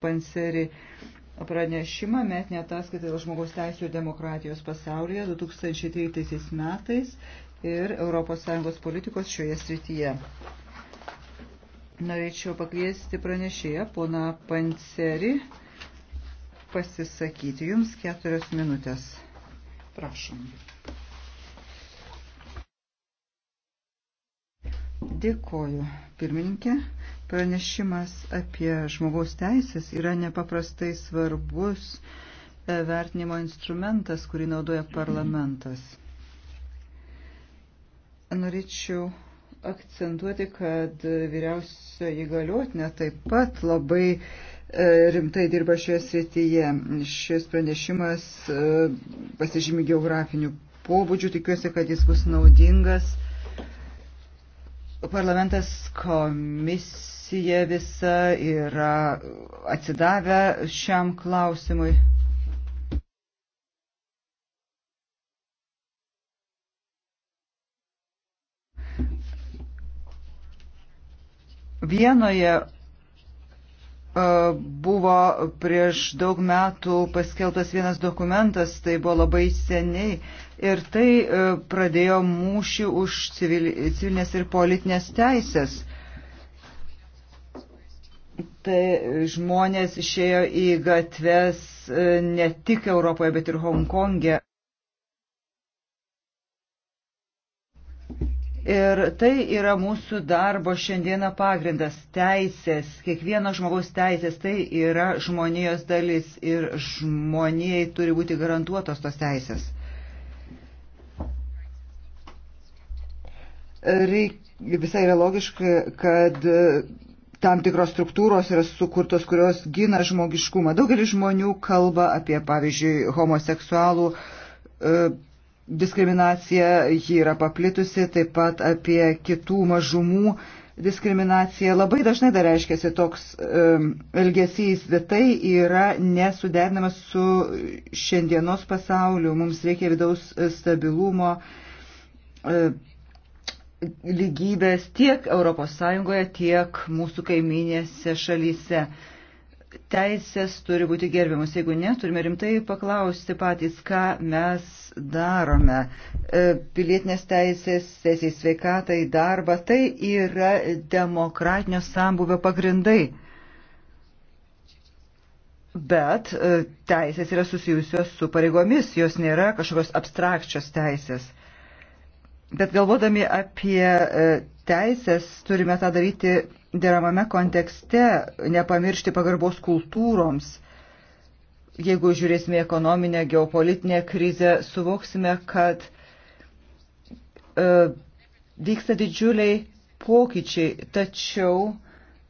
Panseri pranešimą metinę ataskaitą dėl žmogaus teisų ir demokratijos pasaulyje 2013 metais ir ES politikos šioje srityje. Norėčiau pakviesti pranešėją pona Panseri pasisakyti jums keturios minutės. Prašom. Dėkoju, pirmininkė. Pranešimas apie žmogaus teisės yra nepaprastai svarbus e, vertinimo instrumentas, kurį naudoja parlamentas. Norėčiau akcentuoti, kad vyriausio įgaliotinė taip pat labai e, rimtai dirba šioje srityje. Šis pranešimas e, pasižymi geografiniu pobūdžiu, tikiuosi, kad jis bus naudingas Parlamentas komisija visa yra atsidavę šiam klausimui. Vienoje buvo prieš daug metų paskeltas vienas dokumentas, tai buvo labai seniai. Ir tai e, pradėjo mūšį už civilinės ir politinės teisės. Tai žmonės išėjo į gatves e, ne tik Europoje, bet ir Hongkonge. Ir tai yra mūsų darbo šiandieną pagrindas - teisės, kiekvieno žmogaus teisės, tai yra žmonijos dalis ir žmonijai turi būti garantuotos tos teisės. Reik, visai yra logiška, kad e, tam tikros struktūros yra sukurtos, kurios gina žmogiškumą. Daugelis žmonių kalba apie, pavyzdžiui, homoseksualų e, diskriminacija, ji yra paplitusi, taip pat apie kitų mažumų diskriminacija. Labai dažnai dar reiškiasi toks um, elgesys, bet tai yra nesuderinamas su šiandienos pasauliu. Mums reikia vidaus e, stabilumo, um, lygybės tiek ES, tiek mūsų kaiminėse šalyse. Teisės turi būti gerbiamus. Jeigu ne, turime rimtai paklausti patys, ką mes darome. E, pilietinės teisės, teisės sveikatai, darba, tai yra demokratinio sambuvio pagrindai. Bet e, teisės yra susijusios su pareigomis, jos nėra kažkokios abstrakčios teisės. Bet galvodami apie e, teisės, turime tą daryti deramame kontekste, nepamiršti pagarbos kultūroms jeigu žiūrėsime ekonominę, geopolitinę krizę, suvoksime, kad e, vyksta didžiuliai pokyčiai, tačiau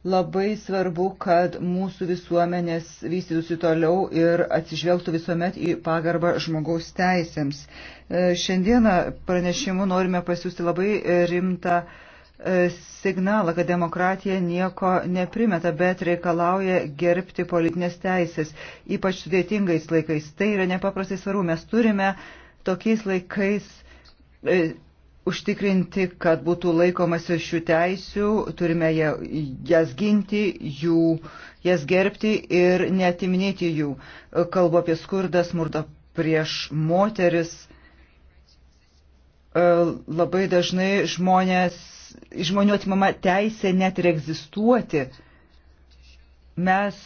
labai svarbu, kad mūsų visuomenės vystytųsi toliau ir atsižvelgtų visuomet į pagarbą žmogaus teisėms. E, šiandieną pranešimu norime pasiūsti labai rimtą e, E, signalą, kad demokratija nieko neprimeta, bet reikalauja gerbti politinės teisės, ypač sudėtingais laikais. Tai yra nepaprastai svarbu. Mes turime tokiais laikais e, užtikrinti, kad būtų laikomasi šių teisių, turime jas ginti, jų, jas gerbti ir netiminėti jų. Kalbu apie skurdą, smurdą prieš moteris. E, labai dažnai žmonės žmonių atimama teisė net ir egzistuoti. Mes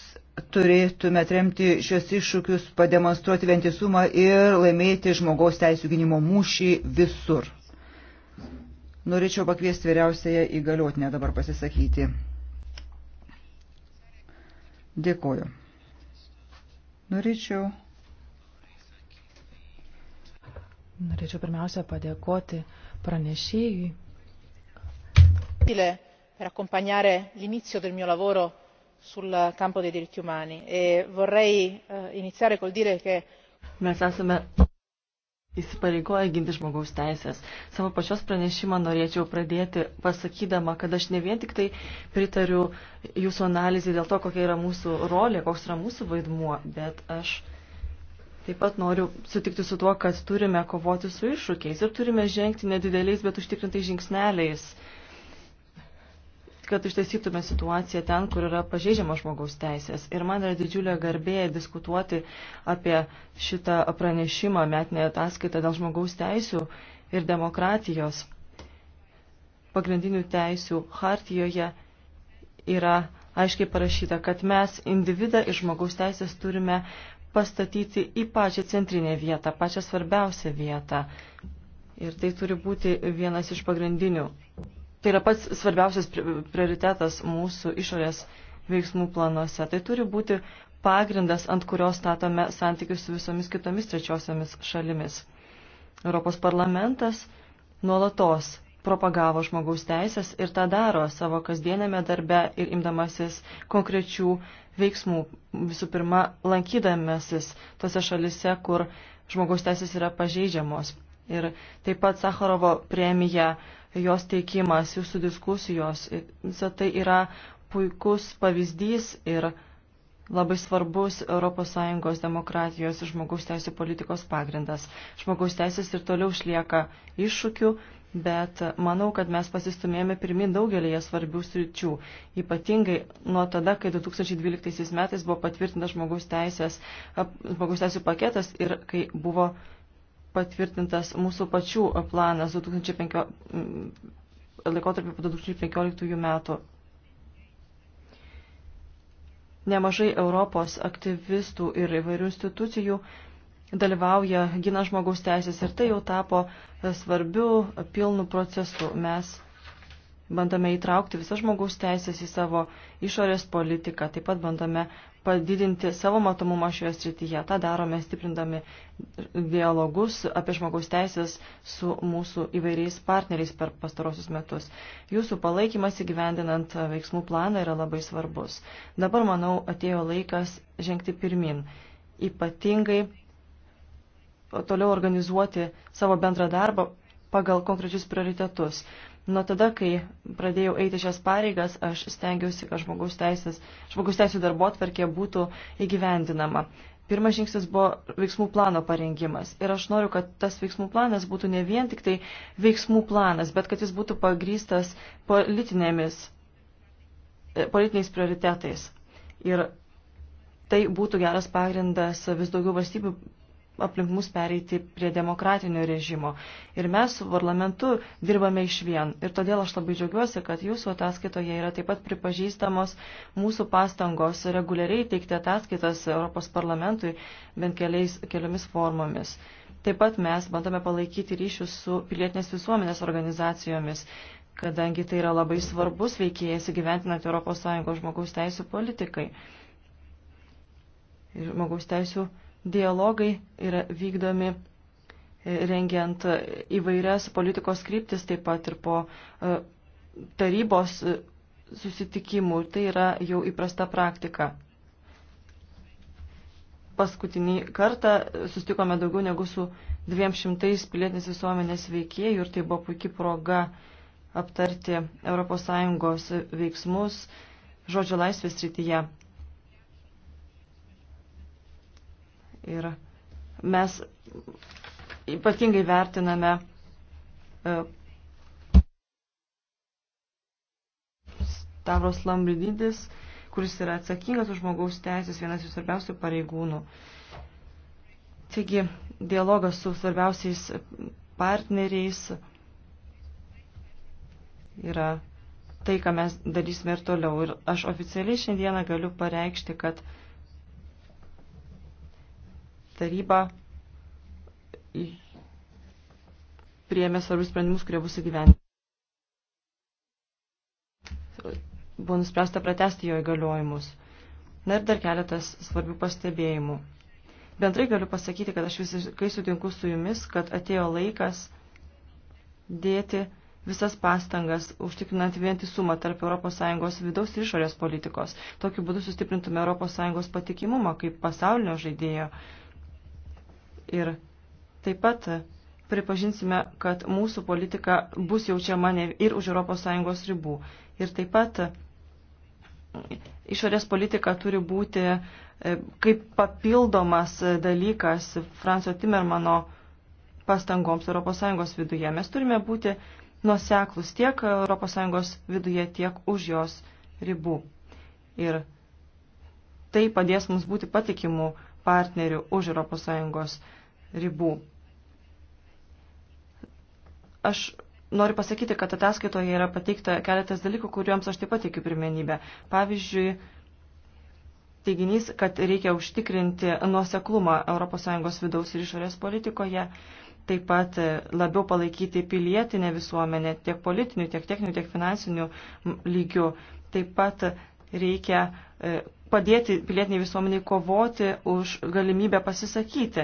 turėtume atremti šios iššūkius, pademonstruoti vientisumą ir laimėti žmogaus teisų gynimo mūšį visur. Norėčiau pakviesti vyriausiąją įgaliotinę dabar pasisakyti. Dėkoju. Norėčiau. Norėčiau pirmiausia padėkoti pranešėjui utile per accompagnare l'inizio del mio lavoro sul campo dei diritti umani e vorrei eh, iniziare col dire che mes esame įsipareigoję ginti žmogaus teises. Savo pačios pranešimą norėčiau pradėti pasakydama, kad aš ne vien tik tai pritariu jūsų analizai dėl to, kokia yra mūsų rolė, koks yra mūsų vaidmuo, bet aš taip pat noriu sutikti su tuo, kad turime kovoti su iššūkiais ir turime žengti nedideliais, bet užtikrintais žingsneliais. Uh, kad ištaisytume situaciją ten, kur yra pažeidžiamos žmogaus teisės. Ir man yra didžiulė garbė diskutuoti apie šitą pranešimą, metinę ataskaitą dėl žmogaus teisų ir demokratijos. Pagrindinių teisų hartijoje yra aiškiai parašyta, kad mes individą ir žmogaus teisės turime pastatyti į pačią centrinę vietą, pačią svarbiausią vietą. Ir tai turi būti vienas iš pagrindinių tai yra pats svarbiausias prioritetas mūsų išorės veiksmų planuose. Tai turi būti pagrindas, ant kurio statome santykius su visomis kitomis trečiosiamis šalimis. Europos parlamentas nuolatos propagavo žmogaus teisės ir tą daro savo kasdienėme darbe ir imdamasis konkrečių veiksmų. Visų pirma, lankydamasis tose šalise, kur žmogaus teisės yra pažeidžiamos. Ir taip pat Sakharovo premija uh, jos teikimas, jūsų diskusijos. Visą tai yra puikus pavyzdys ir labai svarbus ES demokratijos ir žmogaus teisų politikos pagrindas. Žmogaus teisės ir toliau išlieka iššūkių, bet manau, kad mes pasistumėjome pirmin daugelėje svarbių sričių. Ypatingai nuo tada, kai 2012 metais buvo patvirtintas žmogaus, teisės, žmogaus teisų paketas ir kai buvo patvirtintas mūsų pačių planas 2015, mm, laikotarpio po 2015 metų. Nemažai Europos aktyvistų ir įvairių institucijų dalyvauja gina žmogaus teisės ir tai jau tapo svarbiu pilnu procesu. Mes bandome įtraukti visas žmogaus teisės į savo išorės politiką, taip pat bandome padidinti savo matomumą šioje srityje. Ta darome stiprindami dialogus apie žmogaus teisės su mūsų įvairiais partneriais per pastarosius metus. Jūsų palaikymas įgyvendinant veiksmų planą yra labai svarbus. Dabar, manau, atėjo laikas žengti pirmin. Ypatingai toliau organizuoti savo bendrą darbą pagal konkrečius prioritetus. Nuo tada, kai pradėjau eiti šias pareigas, aš stengiausi, kad žmogaus, teisės, žmogaus teisų darbo atverkė būtų įgyvendinama. Pirmas žingsnis buvo veiksmų plano parengimas. Ir aš noriu, kad tas veiksmų planas būtų ne vien tik tai veiksmų planas, bet kad jis būtų pagrystas politinėmis, e, politiniais prioritetais. Ir tai būtų geras pagrindas vis daugiau valstybių aplink mus pereiti prie demokratinio režimo. Ir mes su parlamentu dirbame iš vien. Ir todėl aš labai džiaugiuosi, kad jūsų ataskaitoje yra taip pat pripažįstamos mūsų pastangos reguliariai teikti ataskaitas Europos parlamentui bent keliais, keliomis formomis. Taip pat mes bandome palaikyti ryšius su pilietinės visuomenės organizacijomis, kadangi tai yra labai svarbus veikėjas įgyventinant ES žmogaus teisų politikai. Žmogaus teisų dialogai yra vykdomi e, rengiant įvairias politikos kryptis, taip pat ir po e, tarybos e, susitikimų. Tai yra jau įprasta praktika. Paskutinį kartą sustikome daugiau negu su 200 pilietinės visuomenės veikėjų ir tai buvo puikia proga aptarti ES veiksmus žodžio laisvės srityje. Ir mes ypatingai vertiname e, Stavros Lambrididis, kuris yra atsakingas už žmogaus teisės, vienas iš svarbiausių pareigūnų. Taigi, dialogas su svarbiausiais partneriais yra tai, ką mes darysime ir toliau. Ir aš oficialiai šiandieną galiu pareikšti, kad taryba priėmė svarbius sprendimus, kurie bus įgyventi. Buvo nuspręsta pratesti jo įgaliojimus. Na ir dar keletas svarbių pastebėjimų. Bendrai galiu pasakyti, kad aš visiškai sutinku su jumis, kad atėjo laikas dėti visas pastangas, užtikrinant vientisumą tarp ES vidaus ir išorės politikos. Tokiu būdu sustiprintume ES patikimumą kaip pasaulinio žaidėjo Ir taip pat pripažinsime, kad mūsų politika bus jaučiama ir už ES ribų. Ir taip pat mm, išorės politika turi būti e, kaip papildomas dalykas Francio Timermano pastangoms ES viduje. Mes turime būti nuseklus tiek ES viduje, tiek už jos ribų. Ir tai padės mums būti patikimų partnerių už ES ribų. Aš noriu pasakyti, kad ataskaitoje yra pateikta keletas dalykų, kuriuoms aš taip pat teikiu pirmenybę. Pavyzdžiui, teiginys, kad reikia užtikrinti nuoseklumą ES vidaus ir išorės politikoje, taip pat labiau palaikyti pilietinę visuomenę tiek politinių, tiek techninių, tiek finansinių lygių. Taip pat reikia e, padėti pilietiniai visuomeniai kovoti už galimybę pasisakyti.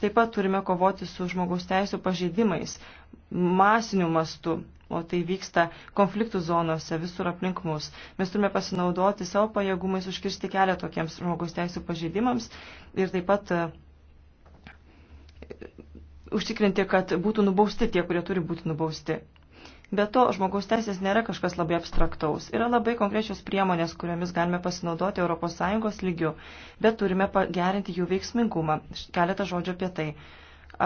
Taip pat turime kovoti su žmogaus teisų pažeidimais masiniu mastu, o tai vyksta konfliktų zonose visur aplink mus. Mes turime pasinaudoti savo pajėgumais užkirsti kelią tokiems žmogaus teisų pažeidimams ir taip pat e, užtikrinti, kad būtų nubausti tie, kurie turi būti nubausti. Be to, žmogaus teisės nėra kažkas labai abstraktaus. Yra labai konkrečios priemonės, kuriomis galime pasinaudoti ES lygiu, bet turime pagerinti jų veiksmingumą. Keletą žodžių apie tai.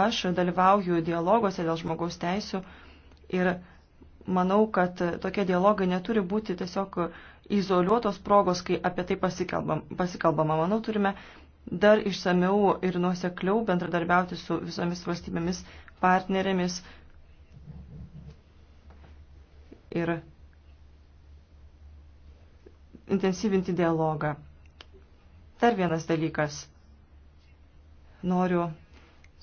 Aš dalyvauju dialoguose dėl žmogaus teisų ir manau, kad tokie dialogai neturi būti tiesiog izoliuotos progos, kai apie tai pasikalbam, pasikalbama. Manau, turime dar išsameu ir nuosekliau bendradarbiauti su visomis valstybėmis partnerėmis ir intensyvinti dialogą. Dar vienas dalykas. Noriu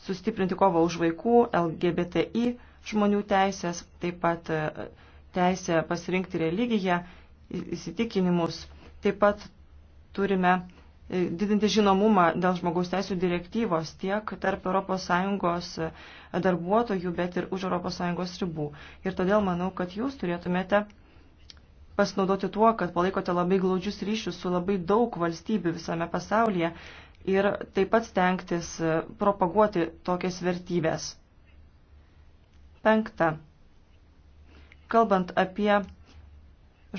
sustiprinti kovą už vaikų, LGBTI žmonių teisės, taip pat e, teisę pasirinkti religiją, įsitikinimus. Taip pat turime E, didinti žinomumą dėl žmogaus teisų direktyvos tiek tarp ES e, darbuotojų, bet ir už ES ribų. Ir todėl manau, kad jūs turėtumėte pasinaudoti tuo, kad palaikote labai glaudžius ryšius su labai daug valstybių visame pasaulyje ir taip pat stengtis e, propaguoti tokias vertybės. Penkta. Kalbant apie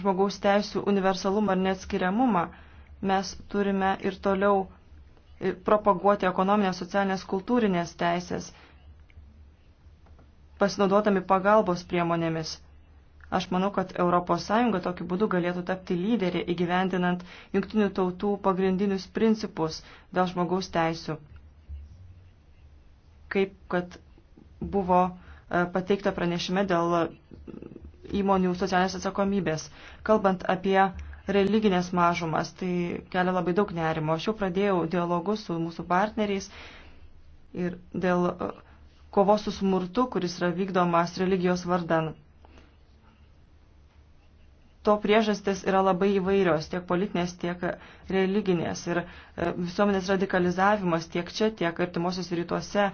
žmogaus teisų universalumą ar neatskiriamumą, mes turime ir toliau e, propaguoti ekonominės, socialinės, kultūrinės teisės, pasinaudodami pagalbos priemonėmis. Aš manau, kad ES tokiu būdu galėtų tapti lyderį įgyvendinant jungtinių tautų pagrindinius principus dėl žmogaus teisių, kaip kad buvo e, pateikta pranešime dėl įmonių socialinės atsakomybės. Kalbant apie religinės mažumas. Tai kelia labai daug nerimo. Aš jau pradėjau dialogus su mūsų partneriais ir dėl e, kovos su smurtu, kuris yra vykdomas religijos vardan. To priežastis yra labai įvairios, tiek politinės, tiek religinės. Ir e, visuomenės radikalizavimas tiek čia, tiek artimuosios rytuose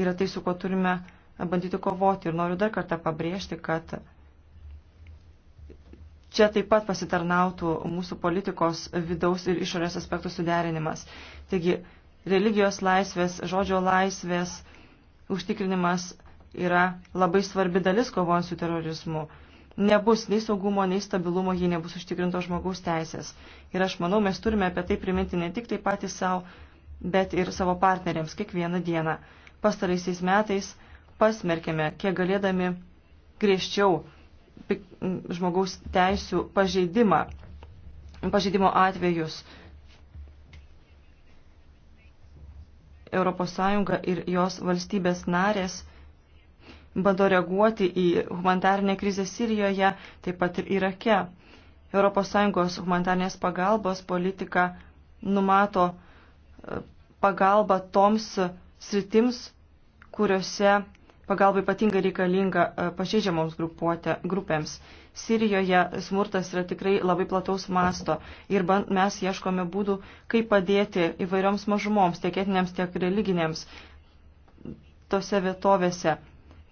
yra tai, su kuo turime bandyti kovoti. Ir noriu dar kartą pabrėžti, kad Čia taip pat pasitarnautų mūsų politikos vidaus ir išorės aspektų suderinimas. Taigi, religijos laisvės, žodžio laisvės užtikrinimas yra labai svarbi dalis kovojant su terorizmu. Nebus nei saugumo, nei stabilumo, jei nebus užtikrintos žmogaus teisės. Ir aš manau, mes turime apie tai priminti ne tik tai patys savo, bet ir savo partneriams kiekvieną dieną. Pastaraisiais metais pasmerkėme, kiek galėdami griežčiau žmogaus teisų pažeidimą, pažeidimo atvejus. ES ir jos valstybės narės bando reaguoti į humanitarnę krizę Sirijoje, taip pat ir Irake. ES humanitarnės pagalbos politika numato e, pagalbą toms sritims, kuriuose pagalba ypatingai reikalinga e, pažeidžiamoms grupėms. Sirijoje smurtas yra tikrai labai plataus masto ir mes ieškome būdų, kaip padėti įvairioms mažumoms, tiek etinėms, tiek religinėms tose vietovėse.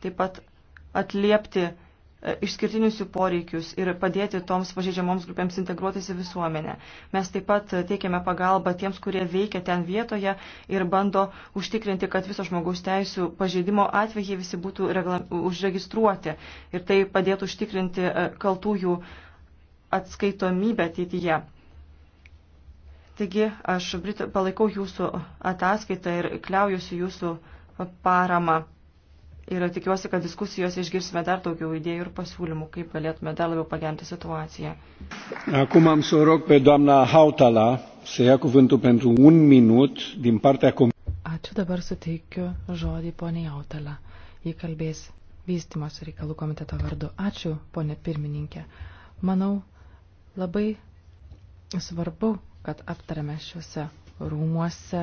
Taip pat atliepti E, išskirtinius jų poreikius ir padėti toms pažeidžiamoms grupėms integruotis į visuomenę. Mes taip pat teikiame pagalbą tiems, kurie veikia ten vietoje ir bando užtikrinti, kad viso žmogaus teisų pažeidimo atvejai visi būtų regla... užregistruoti ir tai padėtų užtikrinti e, kaltųjų atskaitomybę ateityje. Taigi aš palaikau jūsų ataskaitą ir kliaujuosi jūsų parama ir tikiuosi, kad diskusijos išgirsime dar daugiau idėjų ir pasiūlymų, kaip galėtume dar labiau pagerinti situaciją. Acum am să rog pe doamna Hautala să ia cuvântul pentru un minut din partea Comisiei. Ačiū dabar suteikiu žodį poniai Hautala. Ji kalbės vystimos reikalų komiteto vardu. Ačiū, ponė pirmininkė. Manau, labai svarbu, kad aptarėme šiuose rūmuose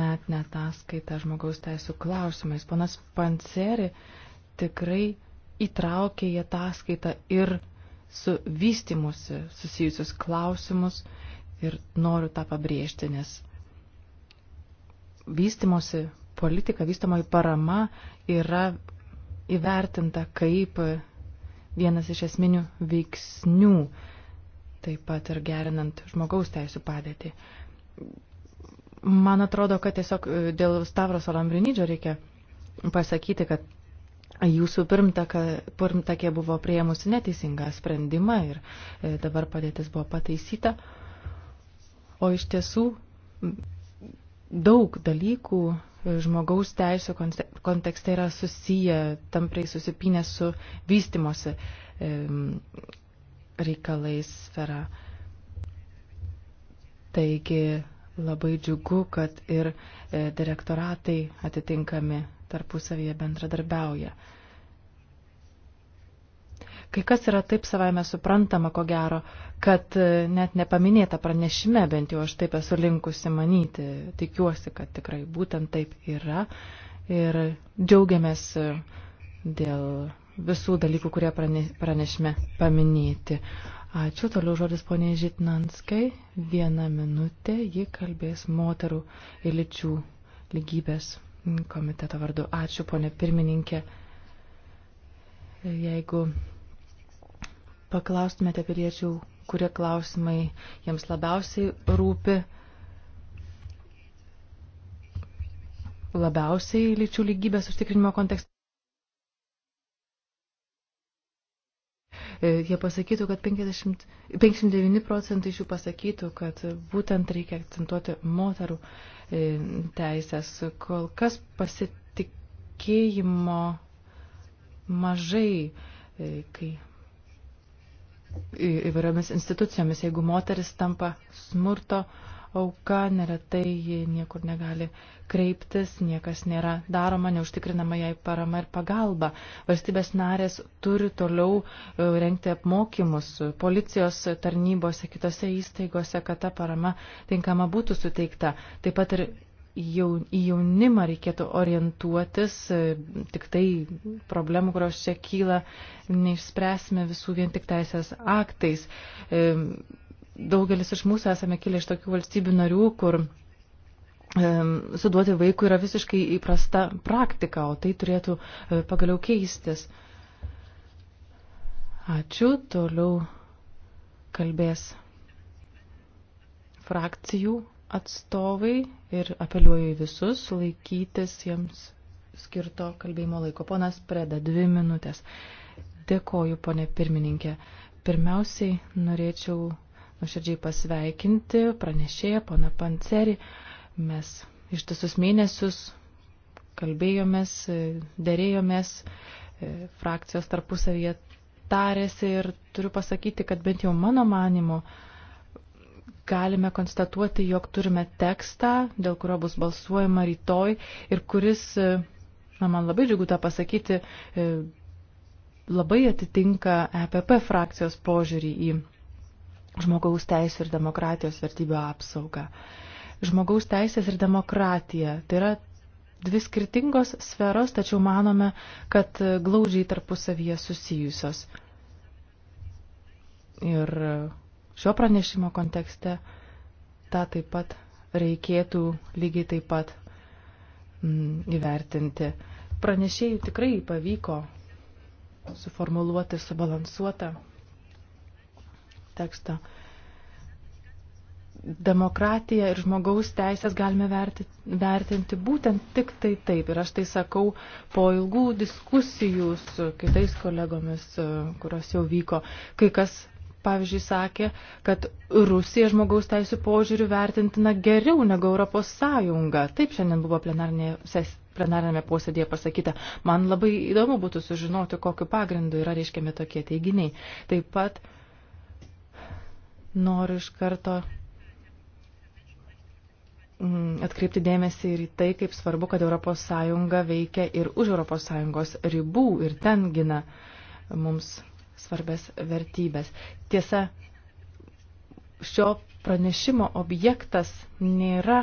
metinę ataskaitą žmogaus teisų klausimais. Ponas Panceri tikrai įtraukė į ataskaitą ir su vystimusi susijusius klausimus ir noriu tą pabrėžti, nes vystimosi politika, vystamoji parama yra įvertinta kaip vienas iš esminių veiksnių, taip pat ir gerinant žmogaus teisų padėtį. Man atrodo, kad tiesiog e, dėl Stavros Alambrinidžio reikia pasakyti, kad jūsų pirmtakė buvo prieimusi neteisingą sprendimą ir e, dabar padėtis buvo pataisyta. O iš tiesų daug dalykų e, žmogaus teisų kontekste yra susiję, tamprai susipinę su vystimosi reikalais sfera. Taigi Labai džiugu, kad ir e, direktoratai atitinkami tarpusavyje bendradarbiauja. Kai kas yra taip savaime suprantama, ko gero, kad e, net nepaminėta pranešime, bent jau aš taip esu linkusi manyti, tikiuosi, kad tikrai būtent taip yra. Ir džiaugiamės e, dėl visų dalykų, kurie pranešime paminėti. Ačiū. Toliau žodis poniai Žitnanskai. Vieną minutę ji kalbės moterų ir lyčių lygybės komiteto vardu. Ačiū, ponė pirmininkė. Jeigu paklaustumėte piliečių, kurie klausimai jiems labiausiai rūpi, labiausiai lyčių lygybės užtikrinimo kontekste. E, jie pasakytų, kad 50, 59 procentai iš jų pasakytų, kad būtent reikia akcentuoti moterų e, teisės. Kol kas pasitikėjimo mažai, e, kai įvairiomis institucijomis, jeigu moteris tampa smurto uh, auka neretai niekur negali kreiptis, niekas nėra daroma, neužtikrinama jai parama ir pagalba. Valstybės narės turi toliau e, renkti apmokymus policijos tarnybose, kitose įstaigose, kad ta parama tinkama būtų suteikta. Taip pat ir jaun, į jaunimą reikėtų orientuotis, e, tik tai problemų, kurios čia kyla, neišspręsime visų vien tik teisės aktais. E, daugelis iš mūsų esame kilę iš tokių valstybių narių, kur e, suduoti vaikų yra visiškai įprasta praktika, o tai turėtų e, pagaliau keistis. Ačiū, toliau kalbės frakcijų atstovai ir apeliuoju į visus laikytis jiems skirto kalbėjimo laiko. Ponas Preda, dvi minutės. Dėkoju, ponė pirmininkė. Pirmiausiai norėčiau nuoširdžiai pasveikinti pranešėją, pana Pancerį. Mes ištisus mėnesius kalbėjomės, dėrėjomės, e, frakcijos tarpusavyje tarėsi ir turiu pasakyti, kad bent jau mano manimo galime konstatuoti, jog turime tekstą, dėl kurio bus balsuojama rytoj ir kuris, e, na, man labai džiugu tą pasakyti, e, labai atitinka EPP frakcijos požiūrį į žmogaus teisų ir demokratijos vertybių apsaugą. Žmogaus teisės ir demokratija tai yra dvi skirtingos sferos, tačiau manome, kad glaudžiai tarpusavyje susijusios. Ir šio pranešimo kontekste tą taip pat reikėtų lygiai taip pat mm, įvertinti. Pranešėjų tikrai pavyko suformuluoti subalansuotą teksto. Demokratiją ir žmogaus teisės galime vertinti būtent tik tai taip. Ir aš tai sakau po ilgų diskusijų su kitais kolegomis, kurios jau vyko. Kai kas pavyzdžiui, sakė, kad Rusija žmogaus teisų požiūrių vertintina geriau negu Europos Sąjunga. Taip šiandien buvo plenarinėme posėdėje pasakyta. Man labai įdomu būtų sužinoti, kokiu pagrindu yra reiškiami tokie teiginiai. Taip pat Noriu iš karto mm, atkreipti dėmesį ir į tai, kaip svarbu, kad ES veikia ir už ES ribų ir ten gina mums svarbės vertybės. Tiesa, šio pranešimo objektas nėra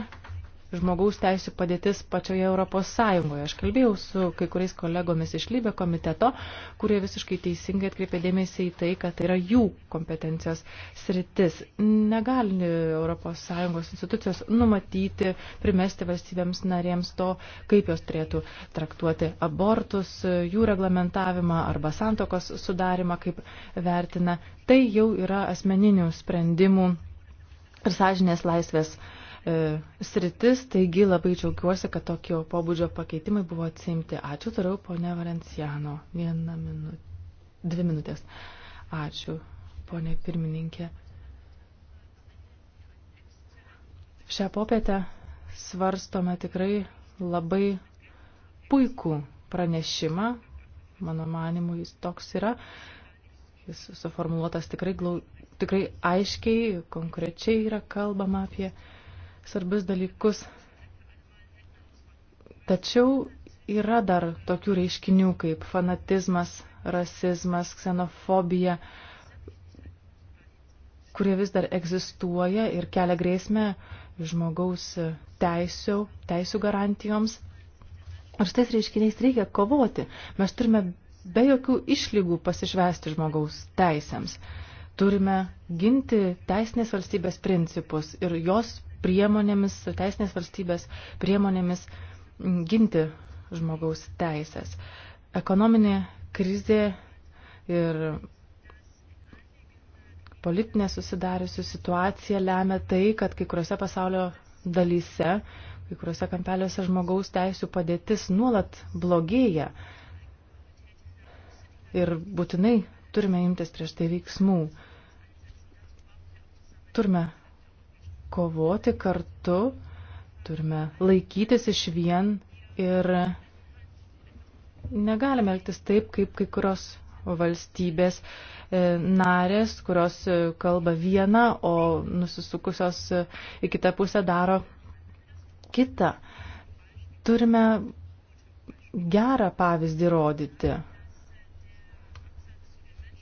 žmogaus teisų padėtis pačioje Europos Sąjungoje. Aš kalbėjau su kai kuriais kolegomis iš Lybė komiteto, kurie visiškai teisingai atkreipė dėmesį į tai, kad tai yra jų kompetencijos sritis. Negali Europos Sąjungos institucijos numatyti, primesti valstybėms narėms to, kaip jos turėtų traktuoti abortus, jų reglamentavimą arba santokos sudarimą, kaip vertina. Tai jau yra asmeninių sprendimų ir sąžinės laisvės uh, E, sritis, taigi labai džiaugiuosi, kad tokio pobūdžio pakeitimai buvo atsimti. Ačiū toliau, ponė Valenciano. Vieną minutę. Dvi minutės. Ačiū, ponė pirmininkė. Šią popietę svarstome tikrai labai puikų pranešimą. Mano manimu, jis toks yra. Jis suformuoluotas tikrai, glau, tikrai aiškiai, konkrečiai yra kalbama apie uh, svarbius dalykus. Tačiau yra dar tokių reiškinių kaip fanatizmas, rasizmas, ksenofobija, kurie vis dar egzistuoja ir kelia grėsmę žmogaus teisų, teisų garantijoms. Ar su tais reiškiniais reikia kovoti? Mes turime be jokių išlygų pasišvesti žmogaus teisėms. Turime ginti teisinės valstybės principus ir jos priemonėmis, teisinės valstybės priemonėmis ginti žmogaus teisės. Ekonominė krizė ir politinė susidariusi situacija lemia tai, kad kai kuriuose pasaulio dalyse, kai kuriuose kampeliuose žmogaus teisų padėtis nuolat blogėja. Ir būtinai turime imtis prieš tai veiksmų. Turime kovoti kartu, turime laikytis iš vien ir negalime elgtis taip, kaip kai kurios valstybės e, narės, kurios e, kalba vieną, o nusisukusios e, į kitą pusę daro kitą. Turime gerą pavyzdį rodyti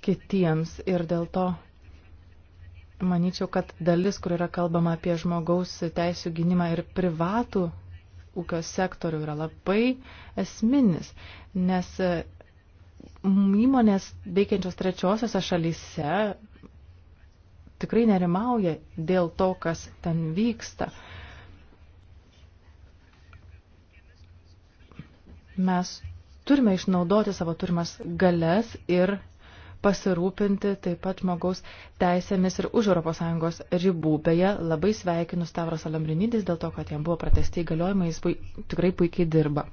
kitiems ir dėl to manyčiau, kad dalis, kur yra kalbama apie žmogaus teisų gynimą ir privatų ūkio sektorių, yra labai esminis, nes e, įmonės veikiančios trečiosiose šalyse tikrai nerimauja dėl to, kas ten vyksta. Mes turime išnaudoti savo turimas galias ir pasirūpinti taip pat žmogaus teisėmis ir už ES ribų. Beje, labai sveikinu Stavros Alambrinidis dėl to, kad jam buvo pratesti įgaliojimai, jis pui, tikrai puikiai dirba.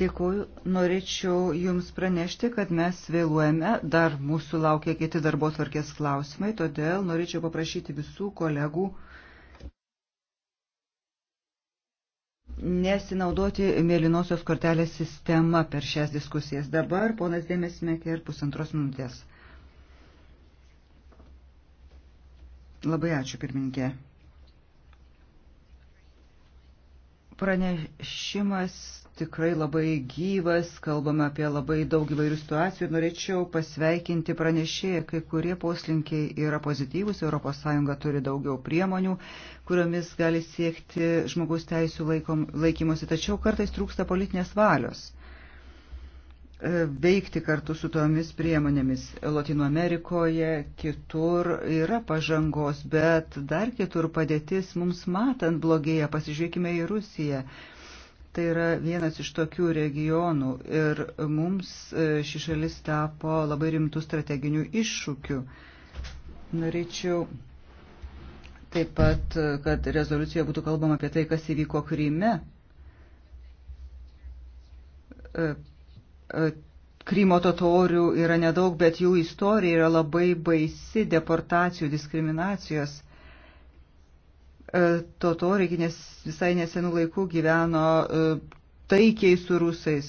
Dėkuoju, norėčiau Jums pranešti, kad mes vėluojame, dar mūsų laukia kiti darbo tvarkės klausimai, todėl norėčiau paprašyti visų kolegų nesinaudoti mėlynosios kortelės sistema per šias diskusijas. Dabar ponas Dėmesmekė ir pusantros minutės. Labai ačiū, pirmininkė. Pranešimas tikrai labai gyvas, kalbame apie labai daug įvairių situacijų ir norėčiau pasveikinti pranešėją, kai kurie poslinkiai yra pozityvus, ES turi daugiau priemonių, kuriomis gali siekti žmogaus teisų laikom, laikymosi, tačiau kartais trūksta politinės valios e, veikti kartu su tomis priemonėmis. Latino Amerikoje, kitur yra pažangos, bet dar kitur padėtis mums matant blogėja. Pasižiūrėkime į Rusiją. Tai yra vienas iš tokių regionų ir mums e, ši šalis tapo labai rimtų strateginių iššūkių. Norėčiau taip pat, e, kad rezoliucijoje būtų kalbama apie tai, kas įvyko Kryme. E, Krymo totorių yra nedaug, bet jų istorija yra labai baisi deportacijų, diskriminacijos E, totoriai nes visai nesenų laikų gyveno e, taikiai su rusais.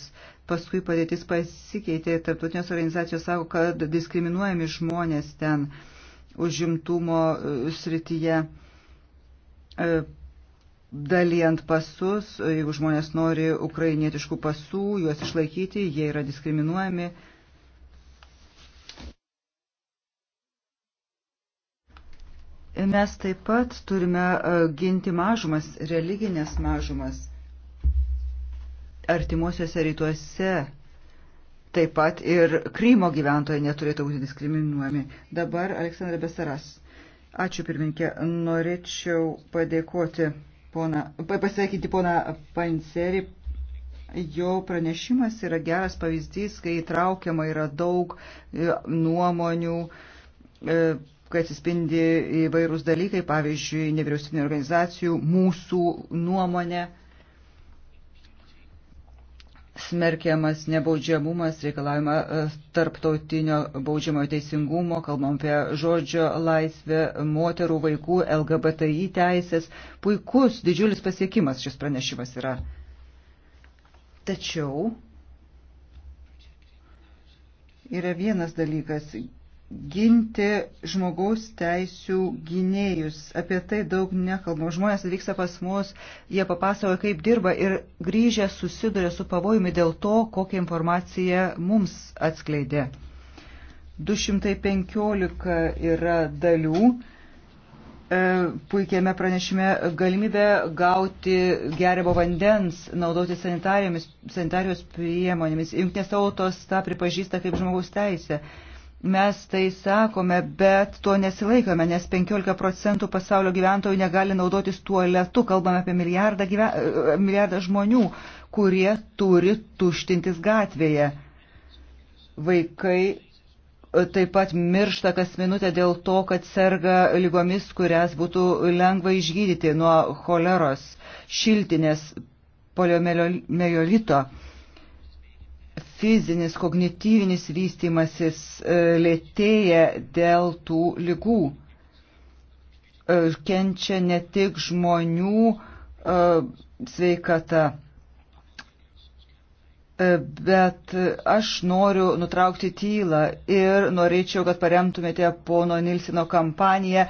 Paskui padėtis pasikeitė, tarptautinės organizacijos sako, kad diskriminuojami žmonės ten užimtumo e, srityje dalijant pasus, jeigu žmonės nori ukrainietiškų pasų, juos išlaikyti, jie yra diskriminuojami. Mes taip pat turime e, ginti mažumas, religinės mažumas. Artimuosiuose rytuose taip pat ir Krymo gyventojai neturėtų būti diskriminuojami. Dabar Aleksandra Besaras. Ačiū pirminkė. Norėčiau padėkoti pona, pasveikinti poną Pancerį. Jo pranešimas yra geras pavyzdys, kai įtraukiama yra daug e, nuomonių, e, kai atsispindi įvairūs dalykai, pavyzdžiui, nevyriausybinio organizacijų, mūsų nuomonė, smerkiamas nebaudžiamumas, reikalavimą e, tarptautinio baudžiamojo teisingumo, kalbam apie žodžio laisvę, moterų, vaikų, LGBTI teisės. Puikus, didžiulis pasiekimas šis pranešimas yra. Tačiau yra vienas dalykas ginti žmogaus teisių gynėjus. Apie tai daug nekalbam. Žmonės atvyksta pas mus, jie papasakoja, kaip dirba ir grįžę susiduria su pavojumi dėl to, kokią informaciją mums atskleidė. 215 yra dalių. E, puikiame pranešime galimybę gauti geriamo vandens, naudoti sanitarijos priemonėmis. Junktinės tautos tą pripažįsta kaip žmogaus teisę. Mes tai sakome, bet to nesilaikome, nes 15 procentų pasaulio gyventojų negali naudotis tualetu. Kalbame apie milijardą, gyven... E, milijardą žmonių, kurie turi tuštintis gatvėje. Vaikai e, taip pat miršta kas minutę dėl to, kad serga lygomis, kurias būtų lengva išgydyti nuo choleros, šiltinės poliomelio mejolito fizinis, kognityvinis vystimasis e, lėtėja dėl tų lygų. E, kenčia ne tik žmonių e, sveikata. Bet aš noriu nutraukti tylą ir norėčiau, kad paremtumėte pono Nilsino kampaniją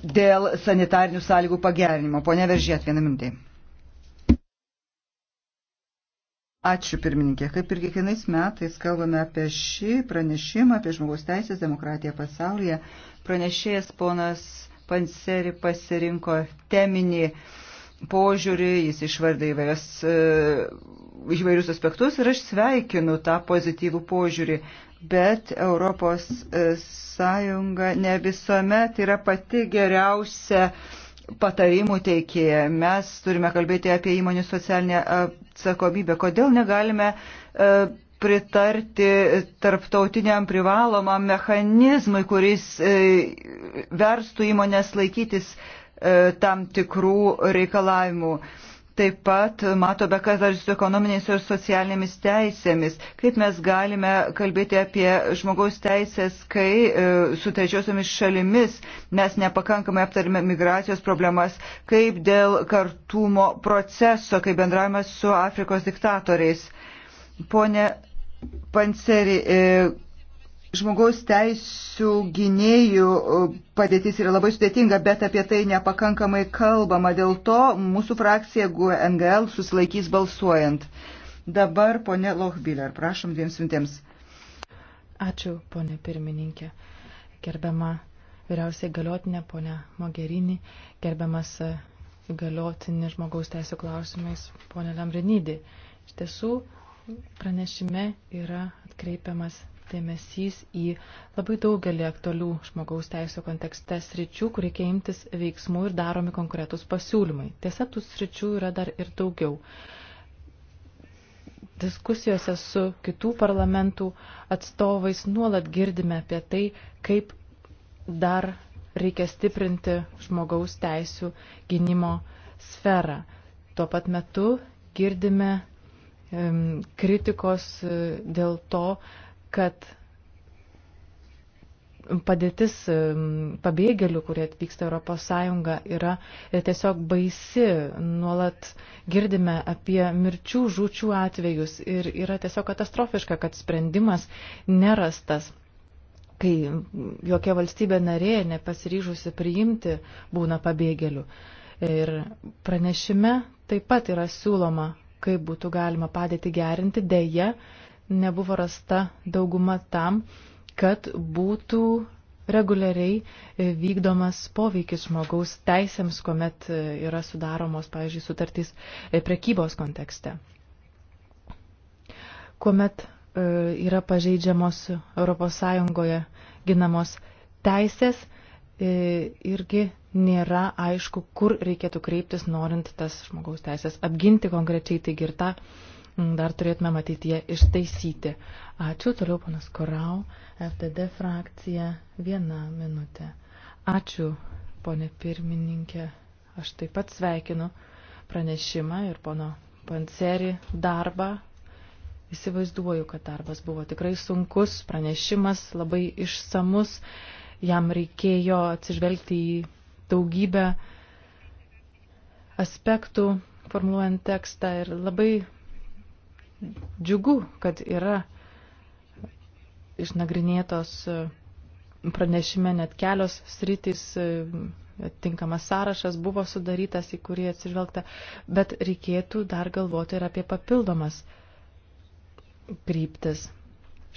dėl sanitarnių sąlygų pagerinimo. Pone Veržėt, vieną minutę. Ačiū pirmininkė. Kaip ir kiekvienais metais kalbame apie šį pranešimą, apie žmogaus teisės demokratiją pasaulyje. Pranešėjas ponas Panseri pasirinko teminį požiūrį, jis išvardė įvairias, e, įvairius aspektus ir aš sveikinu tą pozityvų požiūrį. Bet Europos e, Sąjunga ne visuomet yra pati geriausia patarimų teikėja, mes turime kalbėti apie įmonių socialinę atsakomybę. Kodėl negalime e, pritarti tarptautiniam privalomam mechanizmui, kuris e, verstų įmonės laikytis e, tam tikrų reikalavimų. Taip pat matome, kas dar su ekonominės ir socialinėmis teisėmis. Kaip mes galime kalbėti apie žmogaus teisės, kai e, su trečiosiomis šalimis mes nepakankamai aptarime migracijos problemas, kaip dėl kartumo proceso, kaip bendravimas su Afrikos diktatoriais. Pone Panceri, e, Žmogaus teisų gynėjų e, padėtis yra labai sudėtinga, bet apie tai nepakankamai kalbama. Dėl to mūsų frakcija GUNGL susilaikys balsuojant. Dabar ponė Lochbiller, prašom dviems mintėms. Ačiū, ponė pirmininkė. Gerbiama vyriausiai galiotinė ponė Mogerinį, gerbiamas e, galiotinė žmogaus teisų klausimais ponė Lamrinydį. Iš tiesų, pranešime yra atkreipiamas dėmesys į labai daugelį aktualių žmogaus teisų kontekste sričių, kur reikia imtis veiksmų ir daromi konkretus pasiūlymai. Tiesa, tų sričių yra dar ir daugiau. Diskusijose su kitų parlamentų atstovais nuolat girdime apie tai, kaip dar reikia stiprinti žmogaus teisų gynimo sferą. Tuo pat metu girdime kritikos e, dėl to, kad padėtis pabėgėlių, kurie atvyksta Europos Sąjungą, yra tiesiog baisi. Nuolat girdime apie mirčių, žučių atvejus ir yra tiesiog katastrofiška, kad sprendimas nerastas, kai jokia valstybė narė nepasiryžusi priimti būna pabėgėlių. Ir pranešime taip pat yra siūloma, kaip būtų galima padėti gerinti, dėja nebuvo rasta dauguma tam, kad būtų reguliariai e, vykdomas poveikis žmogaus teisėms, kuomet e, yra sudaromos, pavyzdžiui, sutartys e, prekybos kontekste. Kuomet yra pažeidžiamos ES ginamos teisės, irgi nėra aišku, kur reikėtų kreiptis, norint tas žmogaus teisės apginti konkrečiai, taigi ir tą ta dar turėtume ateityje ištaisyti. Ačiū, toliau panas Korau, FDD frakcija, viena minutė. Ačiū, ponė pirmininkė, aš taip pat sveikinu pranešimą ir pono Panceri darbą. Įsivaizduoju, kad darbas buvo tikrai sunkus, pranešimas labai išsamus, jam reikėjo atsižvelgti į daugybę aspektų formuluojant tekstą ir labai džiugu, kad yra išnagrinėtos e, pranešime net kelios sritys, e, tinkamas sąrašas buvo sudarytas, į kurį atsižvelgta, bet reikėtų dar galvoti ir apie papildomas kryptis.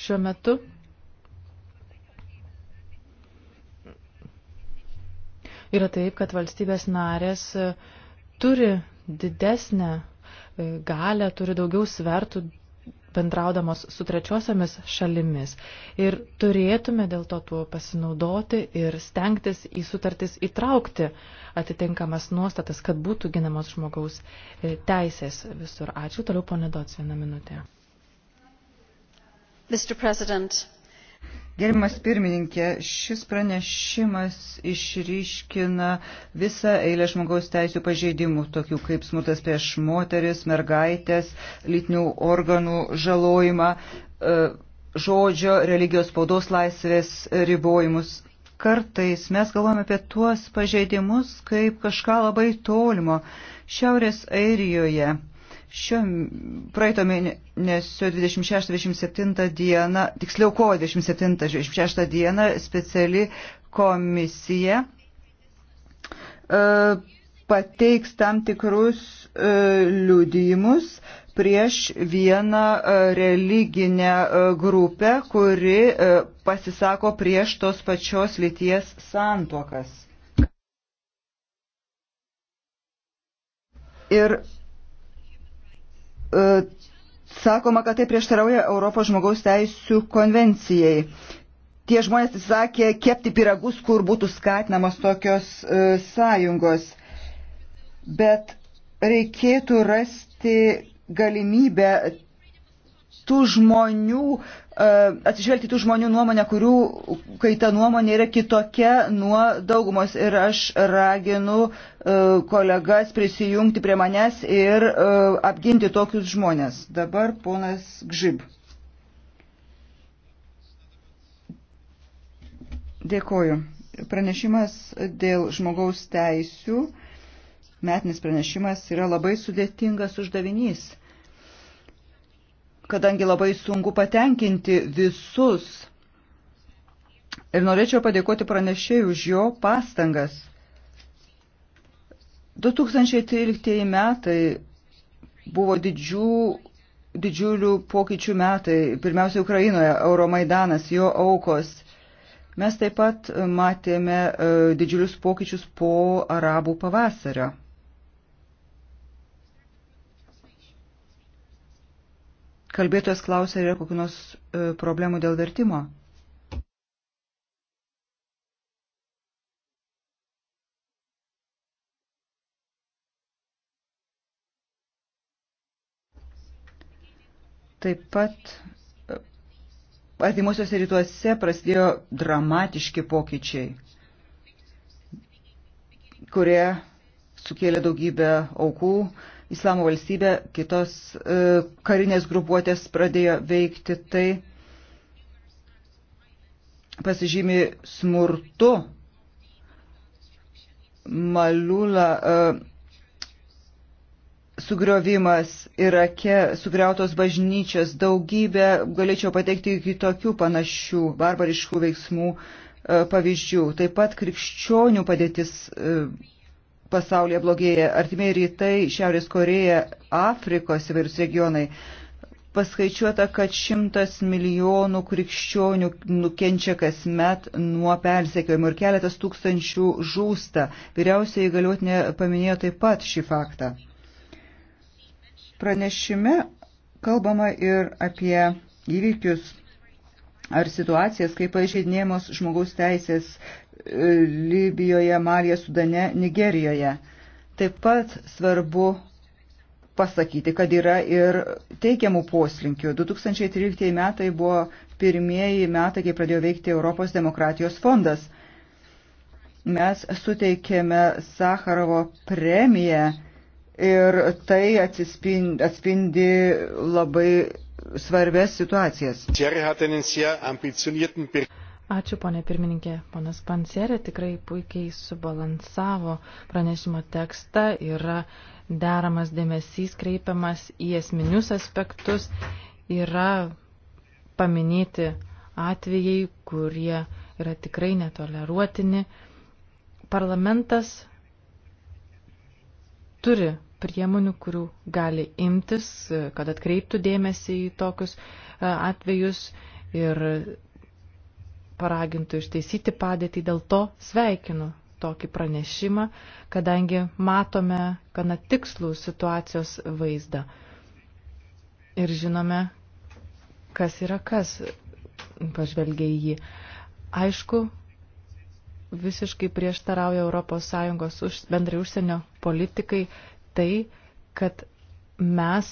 Šiuo metu yra taip, kad valstybės narės e, turi didesnę galę, turi daugiau svertų bendraudamos su trečiosiamis šalimis. Ir turėtume dėl to tuo pasinaudoti ir stengtis į sutartis įtraukti atitinkamas nuostatas, kad būtų ginamos žmogaus e, teisės visur. Ačiū. Toliau ponė Dots vieną minutę. Mr. President, Gerimas pirmininkė, šis pranešimas išryškina visą eilę žmogaus teisų pažeidimų, tokių kaip smurtas prieš moteris, mergaitės, lytinių organų žalojimą, e, žodžio, religijos spaudos laisvės ribojimus. Kartais mes galvojame apie tuos pažeidimus kaip kažką labai tolimo. Šiaurės Airijoje Šio praeito mėnesio 26-27 dieną, tiksliau kovo 27-26 dieną speciali komisija e, pateiks tam tikrus e, liudijimus prieš vieną e, religinę grupę, kuri pasisako prieš tos pačios lyties santuokas. Ir E, sakoma, kad tai prieštarauja Europos žmogaus teisų konvencijai. Tie žmonės atsisakė kepti piragus, kur būtų skatinamos tokios e, sąjungos. Bet reikėtų rasti galimybę tų žmonių, e, atsižvelgti tų žmonių nuomonę, kurių kaita nuomonė yra kitokia nuo daugumos. Ir aš raginu e, kolegas prisijungti prie manęs ir e, apginti tokius žmonės. Dabar ponas Gžib. Dėkoju. Pranešimas dėl žmogaus teisių, metinis pranešimas yra labai sudėtingas uždavinys kadangi labai sunku patenkinti visus. Ir norėčiau padėkoti pranešėjui už jo pastangas. 2013 metai buvo didžių, didžiulių pokyčių metai. Pirmiausia, Ukrainoje Euromaidanas, jo aukos. Mes taip pat matėme e, didžiulius pokyčius po arabų pavasario. Kalbėtojas klausė, ar yra kokių nors e, problemų dėl vertimo. Taip pat e, artimuosiuose rytuose prasidėjo dramatiški pokyčiai, kurie sukėlė daugybę aukų, Islamo valstybė, kitos e, karinės grupuotės pradėjo veikti, tai pasižymi smurtu. Malula e, sugriovimas Irake, sugriautos bažnyčios, daugybė, galėčiau pateikti kitokių panašių barbariškų veiksmų e, pavyzdžių. Taip pat krikščionių padėtis. E, pasaulyje blogėja. Artimieji rytai, Šiaurės Koreja, Afrikos įvairūs regionai. Paskaičiuota, kad šimtas milijonų krikščionių nukenčia kasmet nuo persekiojimų ir keletas tūkstančių žūsta. Vyriausiai įgaliotinė paminėjo taip pat šį faktą. Pranešime kalbama ir apie įvykius ar situacijas, kai pažeidinėjamos žmogaus teisės Libijoje, Malija, Sudane, Nigerijoje. Taip pat svarbu pasakyti, kad yra ir teigiamų poslinkių. 2013 metai buvo pirmieji metai, kai pradėjo veikti Europos demokratijos fondas. Mes suteikėme Sakarovo premiją ir tai atsispindi, atspindi labai svarbės situacijas. Ačiū, ponė pirmininkė. Ponas Panserė tikrai puikiai subalansavo pranešimo tekstą. Yra deramas dėmesys kreipiamas į esminius aspektus. Yra paminėti atvejai, kurie yra tikrai netoleruotini. Parlamentas turi priemonių, kurių gali imtis, kad atkreiptų dėmesį į tokius e, atvejus ir paragintų ištaisyti padėtį, dėl to sveikinu tokį pranešimą, kadangi matome gana tikslų situacijos vaizdą. Ir žinome, kas yra kas, pažvelgia į jį. Aišku, visiškai prieštarauja ES už, bendrai užsienio politikai tai, kad mes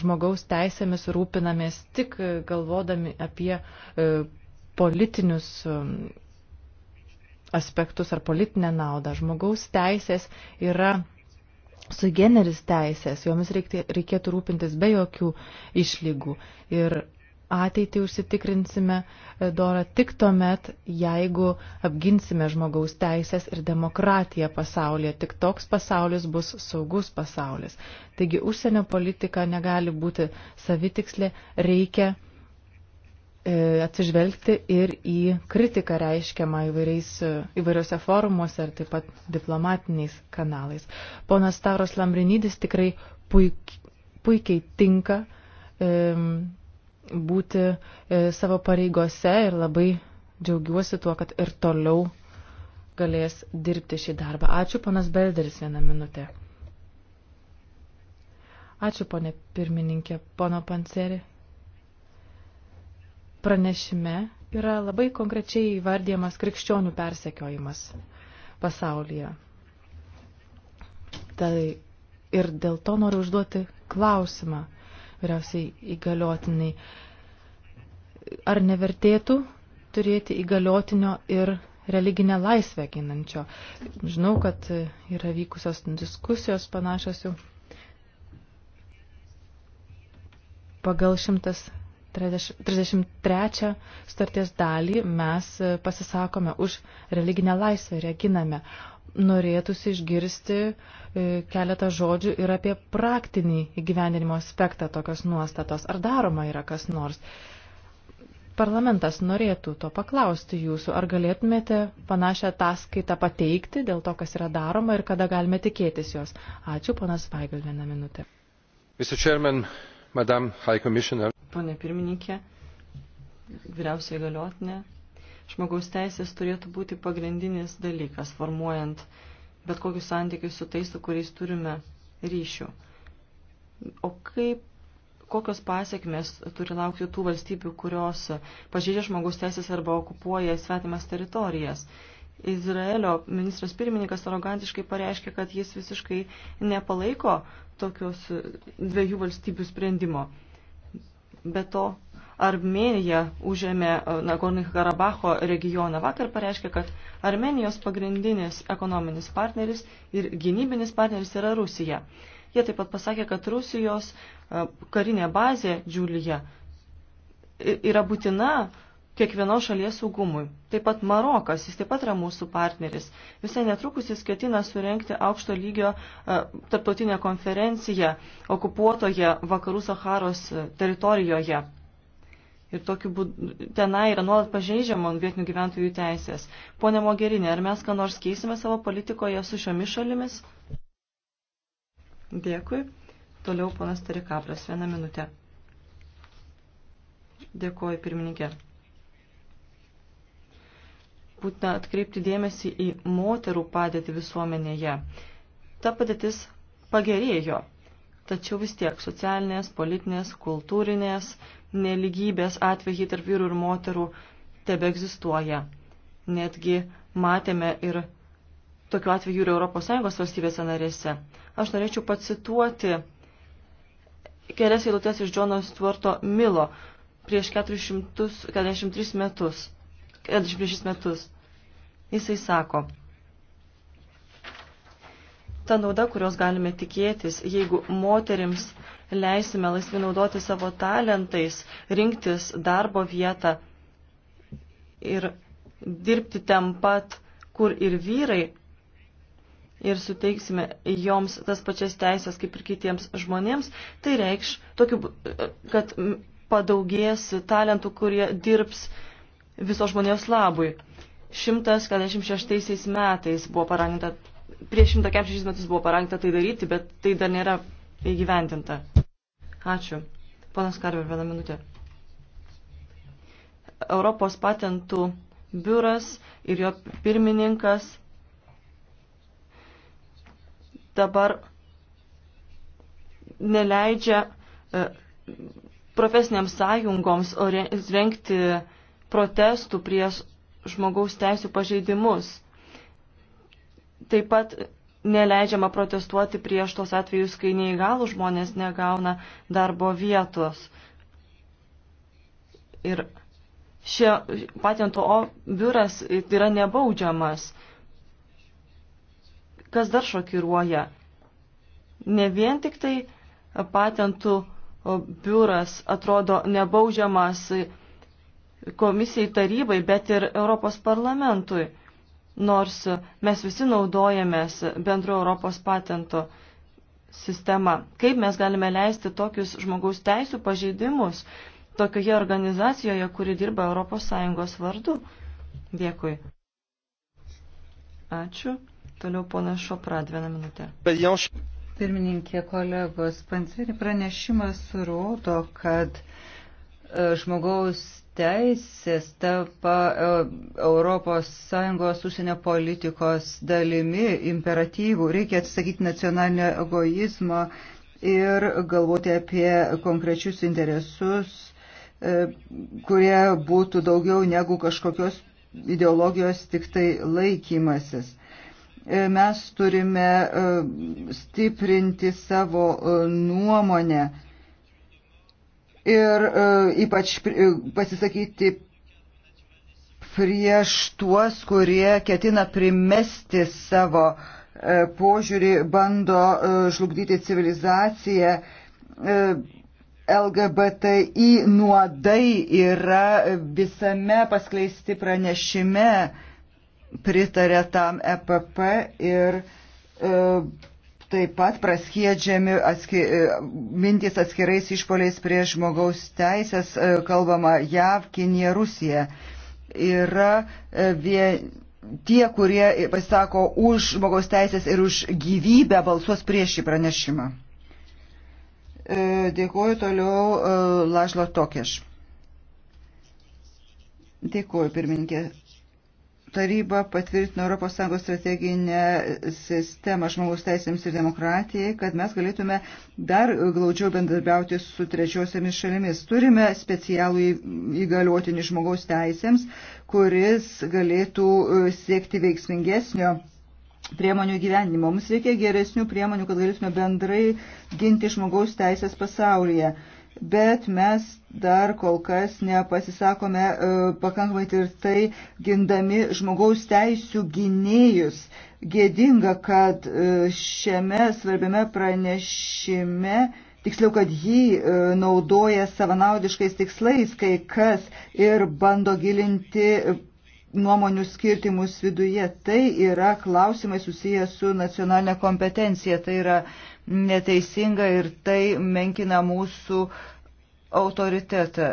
žmogaus teisėmis rūpinamės tik galvodami apie politinius um, aspektus ar politinę naudą. Žmogaus teisės yra su generis teisės, jomis reikėtų rūpintis be jokių išlygų. Ir ateitį užsitikrinsime e, dorą tik tuomet, jeigu apginsime žmogaus teisės ir demokratiją pasaulyje. Tik toks pasaulis bus saugus pasaulis. Taigi užsienio politika negali būti savitikslė, reikia E, atsižvelgti ir į kritiką reiškiamą įvairiose e, forumuose ir taip pat diplomatiniais kanalais. Ponas Taros Lambrinydis tikrai puik, puikiai tinka e, būti e, savo pareigose ir labai džiaugiuosi tuo, kad ir toliau galės dirbti šį darbą. Ačiū, ponas Belderis, vieną minutę. Ačiū, ponė pirmininkė, pono Panceri pranešime yra labai konkrečiai įvardyjamas krikščionių persekiojimas pasaulyje. Tai ir dėl to noriu užduoti klausimą vyriausiai įgaliotiniai. Ar nevertėtų turėti įgaliotinio ir religinę laisvę ginančio? Žinau, kad yra vykusios diskusijos panašios jau pagal 100 33 starties dalį mes e, pasisakome už religinę laisvę ir ją giname. Norėtųsi išgirsti e, keletą žodžių ir apie praktinį įgyvendinimo aspektą tokios nuostatos. Ar daroma yra kas nors? Parlamentas norėtų to paklausti jūsų, ar galėtumėte panašią ataskaitą pateikti dėl to, kas yra daroma ir kada galime tikėtis jos. Ačiū, ponas Vaigal, vieną minutę. Mr. Chairman, Madam High Commissioner ponė pirmininkė, vyriausiai galiotinė. Žmogaus teisės turėtų būti pagrindinis dalykas, formuojant bet kokius santykius su tais, su kuriais turime ryšių. O kaip, kokios pasiekmes turi laukti tų valstybių, kurios pažeidžia žmogaus teisės arba okupuoja svetimas teritorijas? Izraelio ministras pirmininkas arogantiškai pareiškė, kad jis visiškai nepalaiko tokios dviejų valstybių sprendimo. Be to, Armenija užėmė e, Nagorny Karabacho regioną. Vakar pareiškė, kad Armenijos pagrindinis ekonominis partneris ir gynybinis partneris yra Rusija. Jie taip pat pasakė, kad Rusijos e, karinė bazė Džiulija yra būtina kiekvienos šalies saugumui. Taip pat Marokas, jis taip pat yra mūsų partneris. Visai netrukus jis ketina surenkti aukšto lygio e, tarptautinę konferenciją okupuotoje vakarų Saharos e, teritorijoje. Ir tokiu būdu tenai yra nuolat pažeidžiama vietinių gyventojų teisės. Pone Mogerinė, ar mes ką nors keisime savo politikoje su šiomis šalimis? Dėkui. Toliau ponas Tarikapras, vieną minutę. Dėkuoju pirmininkė būtina atkreipti dėmesį į moterų padėtį visuomenėje. Ta padėtis pagerėjo, tačiau vis tiek socialinės, politinės, kultūrinės neligybės atvejai tarp vyrų ir moterų tebe egzistuoja. Netgi matėme ir tokiu atveju ir ES valstybėse narėse. Aš norėčiau pacituoti kelias eilutes iš Džono Stuarto Milo prieš 443 metus. 46 metus. Jisai sako, ta nauda, kurios galime tikėtis, jeigu moterims leisime laisvai naudoti savo talentais, rinktis darbo vietą ir dirbti ten pat, kur ir vyrai, ir suteiksime joms tas pačias teisės kaip ir kitiems žmonėms, tai reikš tokiu, kad padaugės talentų, kurie dirbs viso žmonėms labui. 146 metais buvo paraginta, prieš 146 metus buvo paraginta tai daryti, bet tai dar nėra įgyventinta. Ačiū. Ponas Karver, vieną minutę. Europos patentų biuras ir jo pirmininkas dabar neleidžia e, profesiniams sąjungoms rengti protestų prieš žmogaus teisų pažeidimus. Taip pat neleidžiama protestuoti prieš tos atvejus, kai neįgalų žmonės negauna darbo vietos. Ir šie patento biuras yra nebaudžiamas. Kas dar šokiruoja? Ne vien tik tai patentų biuras atrodo nebaudžiamas komisijai tarybai, bet ir Europos parlamentui, nors mes visi naudojamės bendro Europos patento sistema. Kaip mes galime leisti tokius žmogaus teisų pažeidimus tokioje organizacijoje, kuri dirba ES vardu? Dėkui. Ačiū. Toliau ponas Šoprad, vieną minutę. Pirmininkė kolegos, Panceri pranešimas rodo, kad e, žmogaus teisės tampa ES užsienio politikos dalimi imperatyvų. Reikia atsisakyti nacionalinio egoizmo ir galvoti apie konkrečius interesus, e, kurie būtų daugiau negu kažkokios ideologijos tik tai laikymasis e, mes turime e, stiprinti savo nuomonę ir e, ypač e, pasisakyti prieš tuos, kurie ketina primesti savo e, požiūrį, bando žlugdyti civilizaciją. LGBTI nuodai yra visame paskleisti pranešime, pritarė tam EPP ir e, Taip pat praskėdžiami atski, e, mintys atskirais išpoliais prieš žmogaus teisės, e, kalbama JAV, Kinija, Rusija. Yra e, vie, tie, kurie pasisako už žmogaus teisės ir už gyvybę, balsuos prieš šį pranešimą. Dėkuoju toliau Lašlo Tokeš. Dėkuoju, pirmininkė taryba patvirtino ES strateginę sistemą žmogaus teisėms ir demokratijai, kad mes galėtume dar glaudžiau bendarbiauti su trečiosiamis šalimis. Turime specialų įgaliotinį žmogaus teisėms, kuris galėtų e, siekti veiksmingesnio priemonių gyvenimo. Mums reikia geresnių priemonių, kad galėtume bendrai ginti žmogaus teisės pasaulyje bet mes dar kol kas nepasisakome e, pakankamai tvirtai gindami žmogaus teisų gynėjus. Gėdinga, kad e, šiame svarbiame pranešime, tiksliau, kad jį e, naudoja savanaudiškais tikslais kai kas ir bando gilinti nuomonių skirtimus viduje. Tai yra klausimai susiję su nacionalinė kompetencija. Tai yra uh, neteisinga ir tai menkina mūsų autoritetą.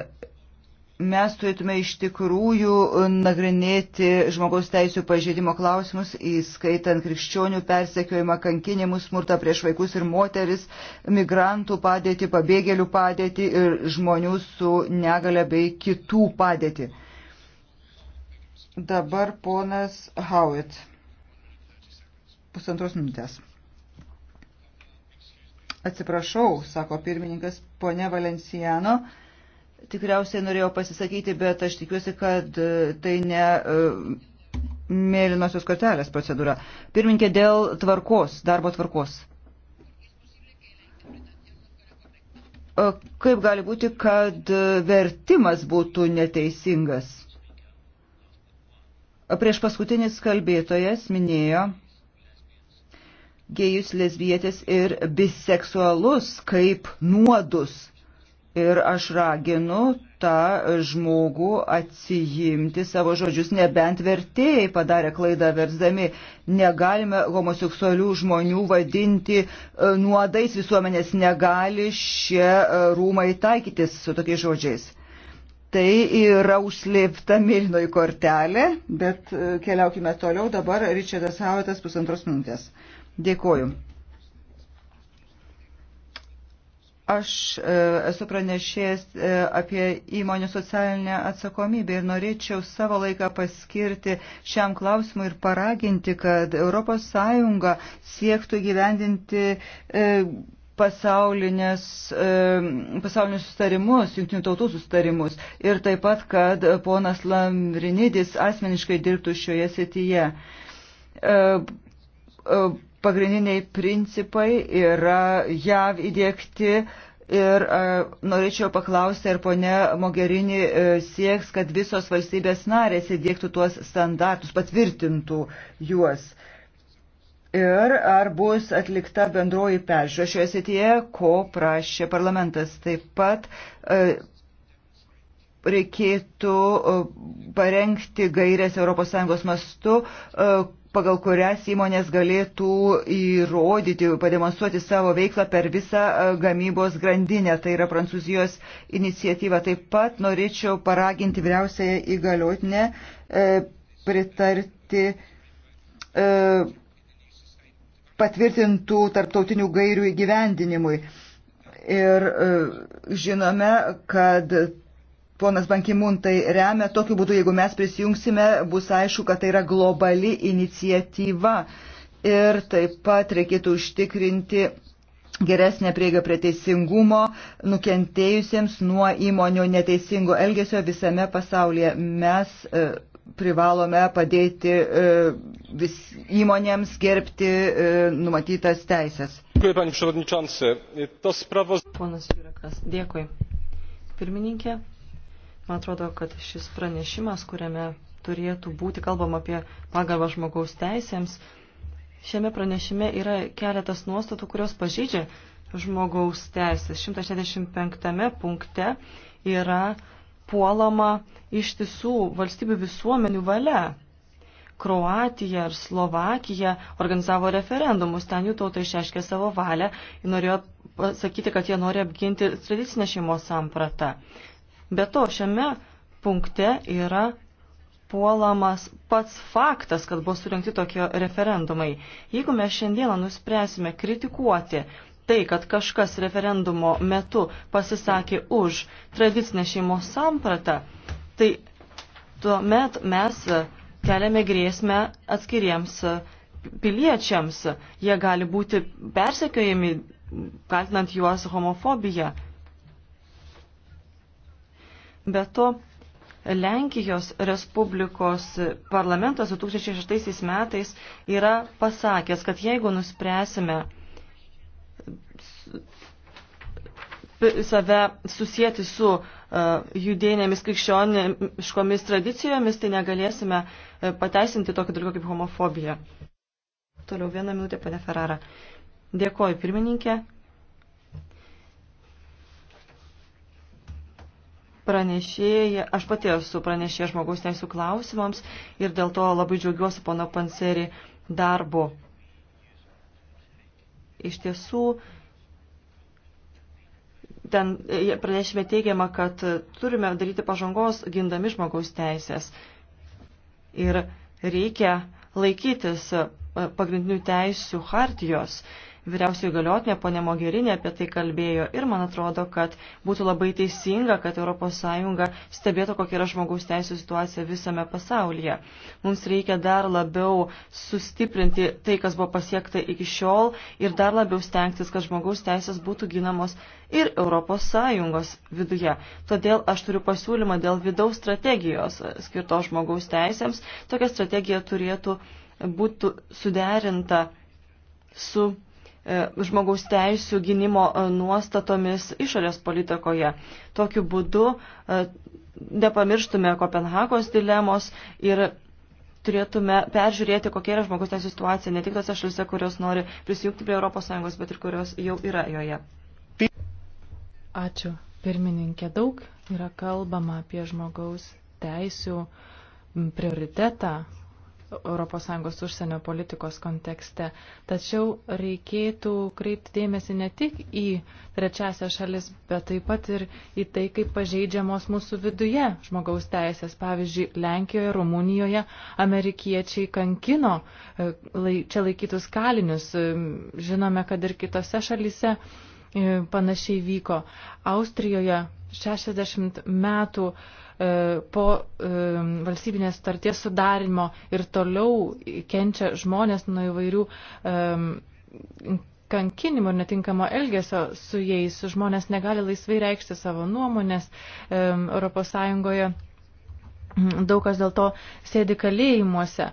Mes turėtume iš tikrųjų nagrinėti žmogaus teisų pažeidimo klausimus, įskaitant krikščionių persekiojimą, kankinimus, smurtą prieš vaikus ir moteris, migrantų padėtį, pabėgėlių padėtį ir žmonių su negale bei kitų padėtį. Dabar ponas Howitt. Pusantros minutės. Atsiprašau, sako pirmininkas ponė Valenciano. Tikriausiai norėjau pasisakyti, bet aš tikiuosi, kad e, tai ne e, mėlynosios kortelės procedūra. Pirminkė dėl tvarkos, darbo tvarkos. E, kaip gali būti, kad vertimas būtų neteisingas? Prieš paskutinis kalbėtojas minėjo gėjus, lesbietės ir biseksualus kaip nuodus. Ir aš raginu tą žmogų atsijimti savo žodžius, nebent vertėjai padarė klaidą versdami. Negalime homoseksualių žmonių vadinti e, nuodais, visuomenės negali šie e, rūmai taikytis su tokiais žodžiais. Tai yra užslėpta mėlynoji kortelė, bet e, keliaukime toliau. Dabar Richardas Hauetas pusantros minutės. Dėkoju. Aš e, esu pranešėjęs e, apie įmonių socialinę atsakomybę ir norėčiau savo laiką paskirti šiam klausimui ir paraginti, kad ES siektų gyvendinti. E, pasaulinės, e, pasaulinius sustarimus, jungtinių tautų sustarimus ir taip pat, kad ponas Lamrinidis asmeniškai dirbtų šioje srityje. E, e, pagrindiniai principai yra jav įdėkti ir e, norėčiau paklausti, ar ponia Mogerini e, sieks, kad visos valstybės narės įdėktų tuos standartus, patvirtintų juos. Ir ar bus atlikta bendroji peržiūra šioje srityje, ko prašė parlamentas. Taip pat e, reikėtų e, parengti gairias ES mastu, e, pagal kurias įmonės galėtų įrodyti, pademonstruoti savo veiklą per visą e, gamybos grandinę. Tai yra Prancūzijos iniciatyva. Taip pat norėčiau paraginti vyriausiąją įgaliotinę e, pritarti e, patvirtintų tarptautinių gairių įgyvendinimui. Ir e, žinome, kad ponas Bankimun tai remia, tokiu būdu, jeigu mes prisijungsime, bus aišku, kad tai yra globali iniciatyva. Ir taip pat reikėtų užtikrinti geresnė prieiga prie teisingumo nukentėjusiems nuo įmonių neteisingo elgesio visame pasaulyje. Mes e, privalome padėti e, vis, įmonėms gerbti e, numatytas teisės. Dėkui, panie Ponas Jurakas, dėkui. Pirmininkė, Man atrodo, kad šis pranešimas, kuriame turėtų būti kalbama apie pagarbą žmogaus teisėms, šiame pranešime yra keletas nuostatų, kurios pažydžia žmogaus teisės. 165 punkte yra puolama ištisų valstybių visuomenių valia. Kroatija ir Slovakija organizavo referendumus, ten jų tauta išreiškė savo valią ir norėjo pasakyti, kad jie nori apginti tradicinę šeimos sampratą. Be to, šiame punkte yra puolamas pats faktas, kad buvo surinkti tokie referendumai. Jeigu mes šiandieną nuspręsime kritikuoti tai, kad kažkas referendumo metu pasisakė už tradicinę šeimos sampratą, tai tuomet mes keliame grėsmę atskiriems piliečiams. Jie gali būti persekiojami, kaltinant juos homofobiją. Be to, Lenkijos Respublikos parlamentas 2006 metais yra pasakęs, kad jeigu nuspręsime save susijęti su uh, e, judėnėmis krikščioniškomis tradicijomis, tai negalėsime e, pateisinti tokio dalyko kaip homofobija. Toliau vieną minutę, pane Ferrara. Dėkoju, pirmininkė. pranešėja, aš pati esu pranešėja žmogaus teisų klausimams ir dėl to labai džiaugiuosi pono Panseri darbu. Iš tiesų, ten e, pranešime teigiama, kad turime daryti pažangos gindami žmogaus teisės ir reikia laikytis e, pagrindinių teisių hartijos vyriausioji galiotinė ponė Mogerinė apie tai kalbėjo ir man atrodo, kad būtų labai teisinga, kad ES stebėtų, kokia yra žmogaus teisų situacija visame pasaulyje. Mums reikia dar labiau sustiprinti tai, kas buvo pasiekta iki šiol ir dar labiau stengtis, kad žmogaus teisės būtų ginamos ir ES viduje. Todėl aš turiu pasiūlymą dėl vidaus strategijos skirtos žmogaus teisėms. Tokia strategija turėtų būtų suderinta su E, žmogaus teisų gynimo e, nuostatomis išorės politikoje. Tokiu būdu e, nepamirštume Kopenhagos dilemos ir turėtume peržiūrėti, kokia yra žmogaus teisų situacija ne tik tose šalise, kurios nori prisijungti prie ES, bet ir kurios jau yra joje. Ačiū. Pirmininkė daug yra kalbama apie žmogaus teisų prioritetą ES užsienio politikos kontekste. Tačiau reikėtų kreipti dėmesį ne tik į trečiasią šalis, bet taip pat ir į tai, kaip pažeidžiamos mūsų viduje žmogaus teisės. Pavyzdžiui, Lenkijoje, Rumunijoje amerikiečiai kankino e, čia laikytus kalinius. E, žinome, kad ir kitose šalise e, panašiai vyko. Austrijoje 60 metų uh, E, po e, valstybinės starties sudarimo ir toliau kenčia žmonės nuo įvairių e, kankinimo ir netinkamo elgesio su jais. Žmonės negali laisvai reikšti savo nuomonės Europos Sąjungoje. Daug kas dėl to sėdi kalėjimuose.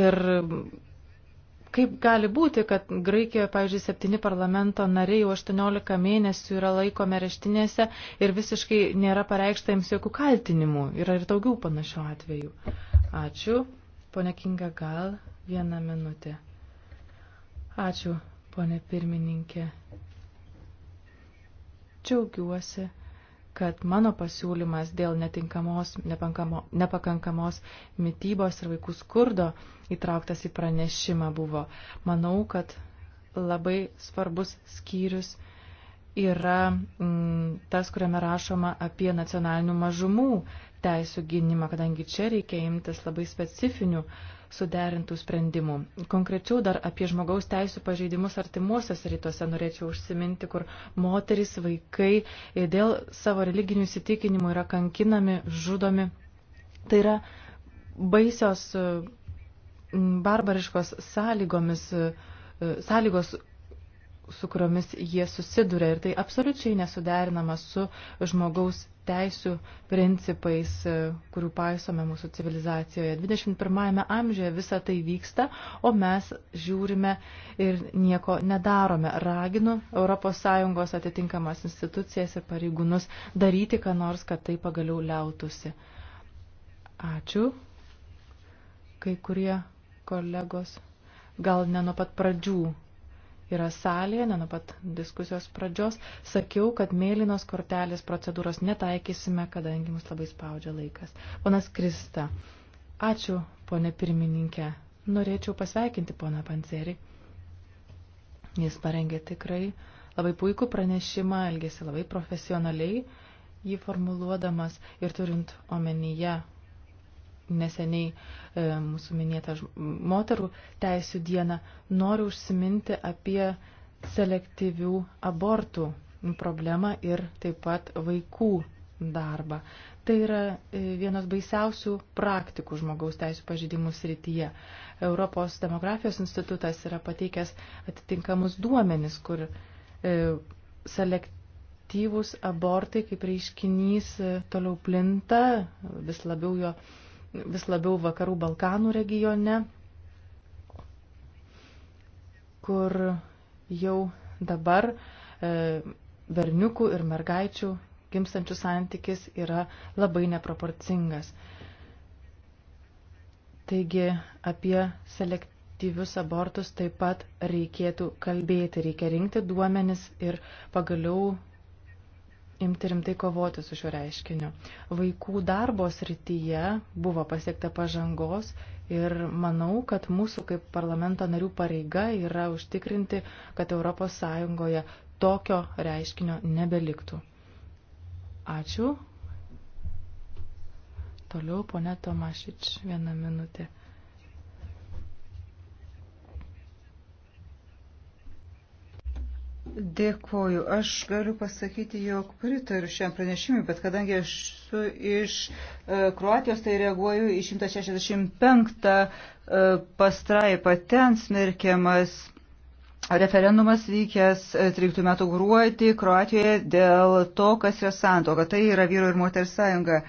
Ir Kaip gali būti, kad Graikijoje, pavyzdžiui, septyni parlamento nariai jau 18 mėnesių yra laikomi areštinėse ir visiškai nėra pareikšta jiems jokių kaltinimų. Yra ir daugiau panašių atvejų. Ačiū. Pone Kinga, gal vieną minutę. Ačiū, pone pirmininkė. Džiaugiuosi kad mano pasiūlymas dėl netinkamos, nepankamo, nepakankamos mytybos ir vaikų skurdo įtrauktas į pranešimą buvo. Manau, kad labai svarbus skyrius yra m, mm, tas, kuriame rašoma apie nacionalinių mažumų teisų gynimą, kadangi čia reikia imtis labai specifinių suderintų sprendimų. Konkrečiau dar apie žmogaus teisų pažeidimus artimuosiuose rytuose norėčiau užsiminti, kur moteris, vaikai e, dėl savo religinių įsitikinimų yra kankinami, žudomi. Tai yra baisios e, barbariškos sąlygomis, e, sąlygos, su kuriomis jie susiduria ir tai absoliučiai nesuderinama su žmogaus teisų principais, e, kurių paisome mūsų civilizacijoje. 21 amžiuje visa tai vyksta, o mes žiūrime ir nieko nedarome. Raginu ES atitinkamas institucijas ir pareigūnus daryti, ką nors, kad tai pagaliau liautusi. Ačiū. Kai kurie kolegos gal ne nuo pat pradžių yra salėje, ne nuo pat diskusijos pradžios, sakiau, kad mėlynos kortelės procedūros netaikysime, kadangi mus labai spaudžia laikas. Ponas Krista, ačiū, ponė pirmininkė. Norėčiau pasveikinti poną Pancerį. Jis parengė tikrai labai puikų pranešimą, elgėsi labai profesionaliai jį formuluodamas ir turint omenyje neseniai e, mūsų minėtą moterų teisų dieną, noriu užsiminti apie selektyvių abortų problemą ir taip pat vaikų darbą. Tai yra e, vienos baisiausių praktikų žmogaus teisų pažydimų srityje. Europos demografijos institutas yra pateikęs atitinkamus duomenis, kur e, selektyvūs abortai kaip reiškinys e, toliau plinta, vis labiau jo e, vis labiau vakarų Balkanų regione, kur jau dabar e, berniukų ir mergaičių gimstančių santykis yra labai neproporcingas. Taigi apie selektyvius abortus taip pat reikėtų kalbėti, reikia rinkti duomenis ir pagaliau imti rimtai kovoti su šiuo reiškiniu. Vaikų darbo srityje buvo pasiekta pažangos ir manau, kad mūsų kaip parlamento narių pareiga yra užtikrinti, kad ES tokio reiškinio nebeliktų. Ačiū. Toliau ponė Tomašič, vieną minutę. Dėkuoju. Aš galiu pasakyti, jog pritariu šiam pranešimui, bet kadangi aš esu iš e, Kroatijos, tai reaguoju į 165 e, pastraipą. Ten smerkiamas referendumas vykęs 13 e, metų gruodį Kroatijoje dėl to, kas yra santoka. Tai yra vyro ir moters sąjunga.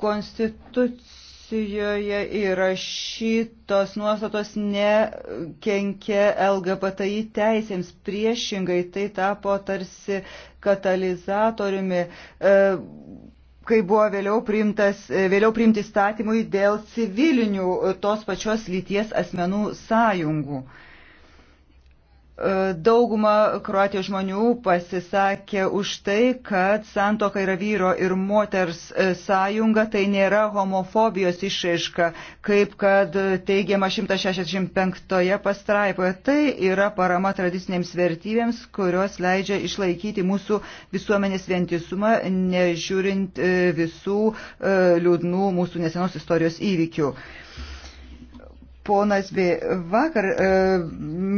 Konstitucija konvencijoje įrašytos nuostatos nekenkia LGBTI teisėms. Priešingai tai tapo tarsi katalizatoriumi, e, kai buvo vėliau, priimtas, e, vėliau priimti statymui dėl civilinių tos pačios lyties asmenų sąjungų. E, dauguma Kroatijos žmonių pasisakė už tai, kad santoka yra vyro ir moters e, sąjunga, tai nėra homofobijos išaiška, kaip kad teigiama 165 pastraipoje. Tai yra parama tradicinėms vertybėms, kurios leidžia išlaikyti mūsų visuomenės vientisumą, nežiūrint e, visų liūdnų mūsų nesenos istorijos įvykių. Ponas B. Vakar e,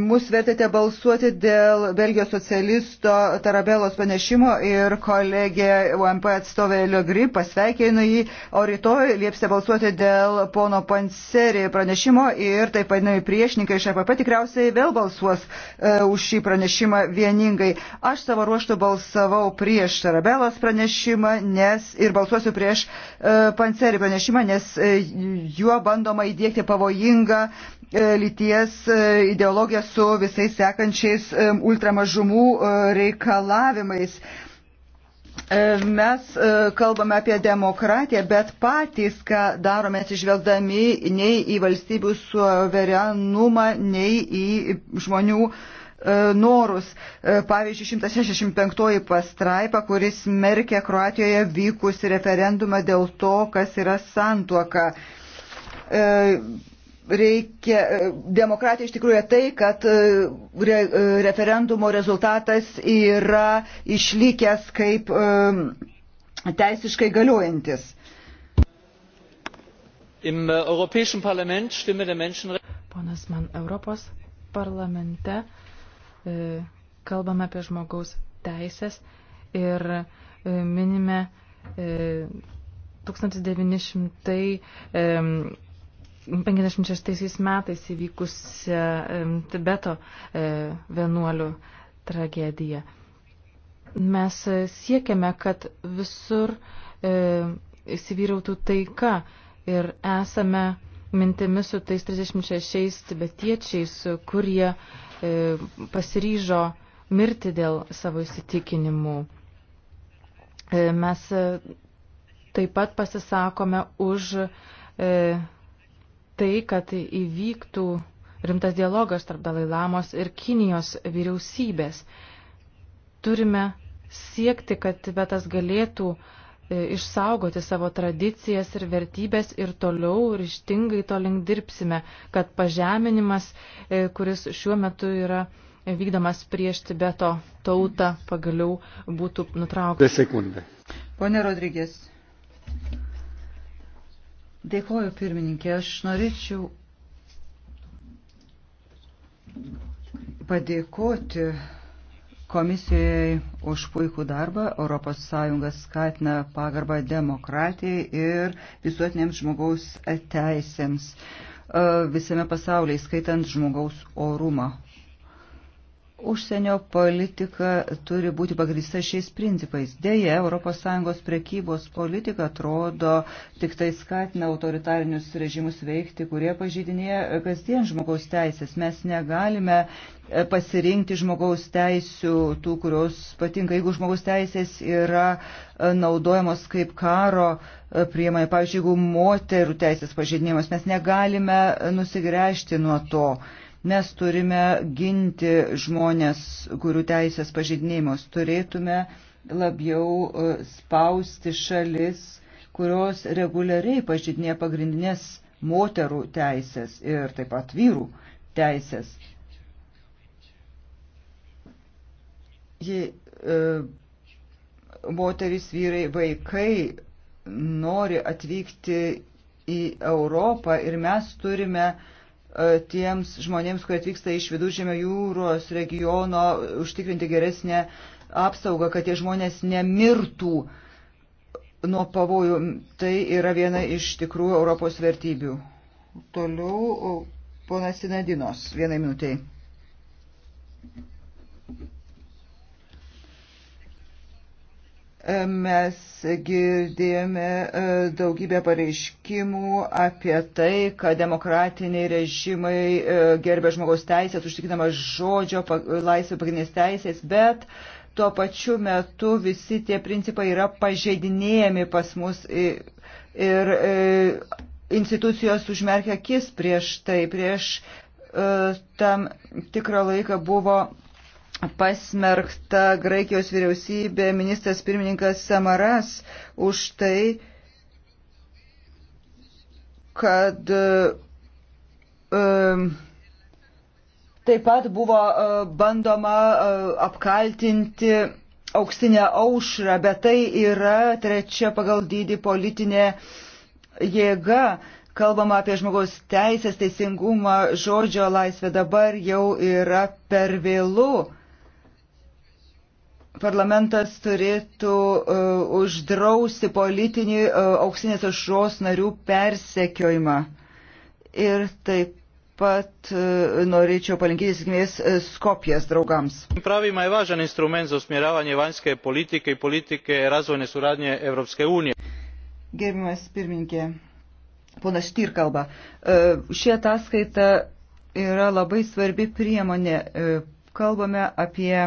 mus vertėte balsuoti dėl Belgijos socialisto Tarabelos panešimo ir kolegė UMP atstovė Liogri pasveikino jį, o rytoj liepsite balsuoti dėl pono Panseri pranešimo ir taip vadinami priešininkai iš APP tikriausiai vėl balsuos e, už šį pranešimą vieningai. Aš savo ruoštų balsavau prieš Tarabelos pranešimą nes, ir balsuosiu prieš e, Panseri pranešimą, nes e, juo bandoma įdėkti pavojingą vieningą e, lyties e, ideologiją su visais sekančiais e, ultramažumų reikalavimais. Mes kalbame apie demokratiją, bet patys, ką darome atsižvelgdami nei į valstybių suverenumą, nei į žmonių norus. Pavyzdžiui, 165 pastraipa, kuris merkia Kroatijoje vykusi referendumą dėl to, kas yra santuoka reikia, e, demokratija iš tikrųjų tai, kad e, re, e, referendumo rezultatas yra išlikęs kaip teisiškai galiojantis. Im Europäischen Parlament stimme der Menschenrechte. Ponas man, Europos parlamente e, kalbame apie žmogaus teisės ir e, minime e, 1900 e, 56 metais įvykusią Tibeto e, vienuolių tragediją. Mes siekiame, kad visur e, įsivyrautų taika ir esame mintimis su tais 36 tibetiečiais, kurie e, pasiryžo mirti dėl savo įsitikinimų. Mes taip pat pasisakome už tai, kad įvyktų rimtas dialogas tarp Dalailamos ir Kinijos vyriausybės. Turime siekti, kad Tibetas galėtų e, išsaugoti savo tradicijas ir vertybės ir toliau ryštingai to link dirbsime, kad pažeminimas, e, kuris šiuo metu yra vykdomas prieš Tibeto tautą, pagaliau būtų nutrauktas. Pone Rodrygės. Dėkoju, pirmininkė. Aš norėčiau padėkoti komisijoje už puikų darbą. ES skatina pagarbą demokratijai ir visuotinėms žmogaus teisėms e, visame pasaulyje, skaitant žmogaus orumą. Užsienio politika turi būti pagrįsta šiais principais. Deja, ES prekybos politika atrodo tik tai skatina autoritarinius režimus veikti, kurie pažydinėja kasdien žmogaus teisės. Mes negalime e, pasirinkti žmogaus teisių, tų, kurios patinka, jeigu žmogaus teisės yra e, naudojamos kaip karo e, priemonė. Pavyzdžiui, jeigu moterų teisės pažydinėjimas, mes negalime nusigręžti nuo to. Mes turime ginti žmonės, kurių teisės pažydinėjimus. Turėtume labiau e, spausti šalis, kurios reguliariai pažydinė pagrindinės moterų teisės ir taip pat vyrų teisės. Ji, e, moteris, vyrai, vaikai nori atvykti į Europą ir mes turime e, E, tiems žmonėms, kurie atvyksta iš viduržėmio jūros regiono, užtikrinti geresnę apsaugą, kad tie žmonės nemirtų nuo pavojų. Tai yra viena iš tikrų Europos vertybių. Toliau ponas Sinadinos, vienai minutiai. Mes girdėjome e, daugybę pareiškimų apie tai, kad demokratiniai režimai e, gerbė žmogaus teisės, užtikrinama žodžio laisvė pagrindinės teisės, bet tuo pačiu metu visi tie principai yra pažeidinėjami pas mus ir, ir e, institucijos užmerkia akis prieš tai, prieš tam tikrą laiką buvo pasmerkta Graikijos vyriausybė, ministras pirmininkas Samaras už tai, kad um, taip pat buvo uh, bandoma uh, apkaltinti auksinę aušrą, bet tai yra trečia pagal dydį politinė jėga. Kalbama apie žmogaus teisės, teisingumą, žodžio laisvę dabar jau yra per vėlų parlamentas turėtų uh, uždrausti politinį uh, auksinės ašros narių persekiojimą. Ir taip pat uh, norėčiau palinkėti sėkmės uh, Skopijas draugams. Pravima je važan instrument za usmjeravanje vanjske politike i politike razvojne suradnje Europske unije. Gerbimas pirmininkė, ponas Štyr kalba. Uh, Ši ataskaita yra labai svarbi priemonė. Uh, kalbame apie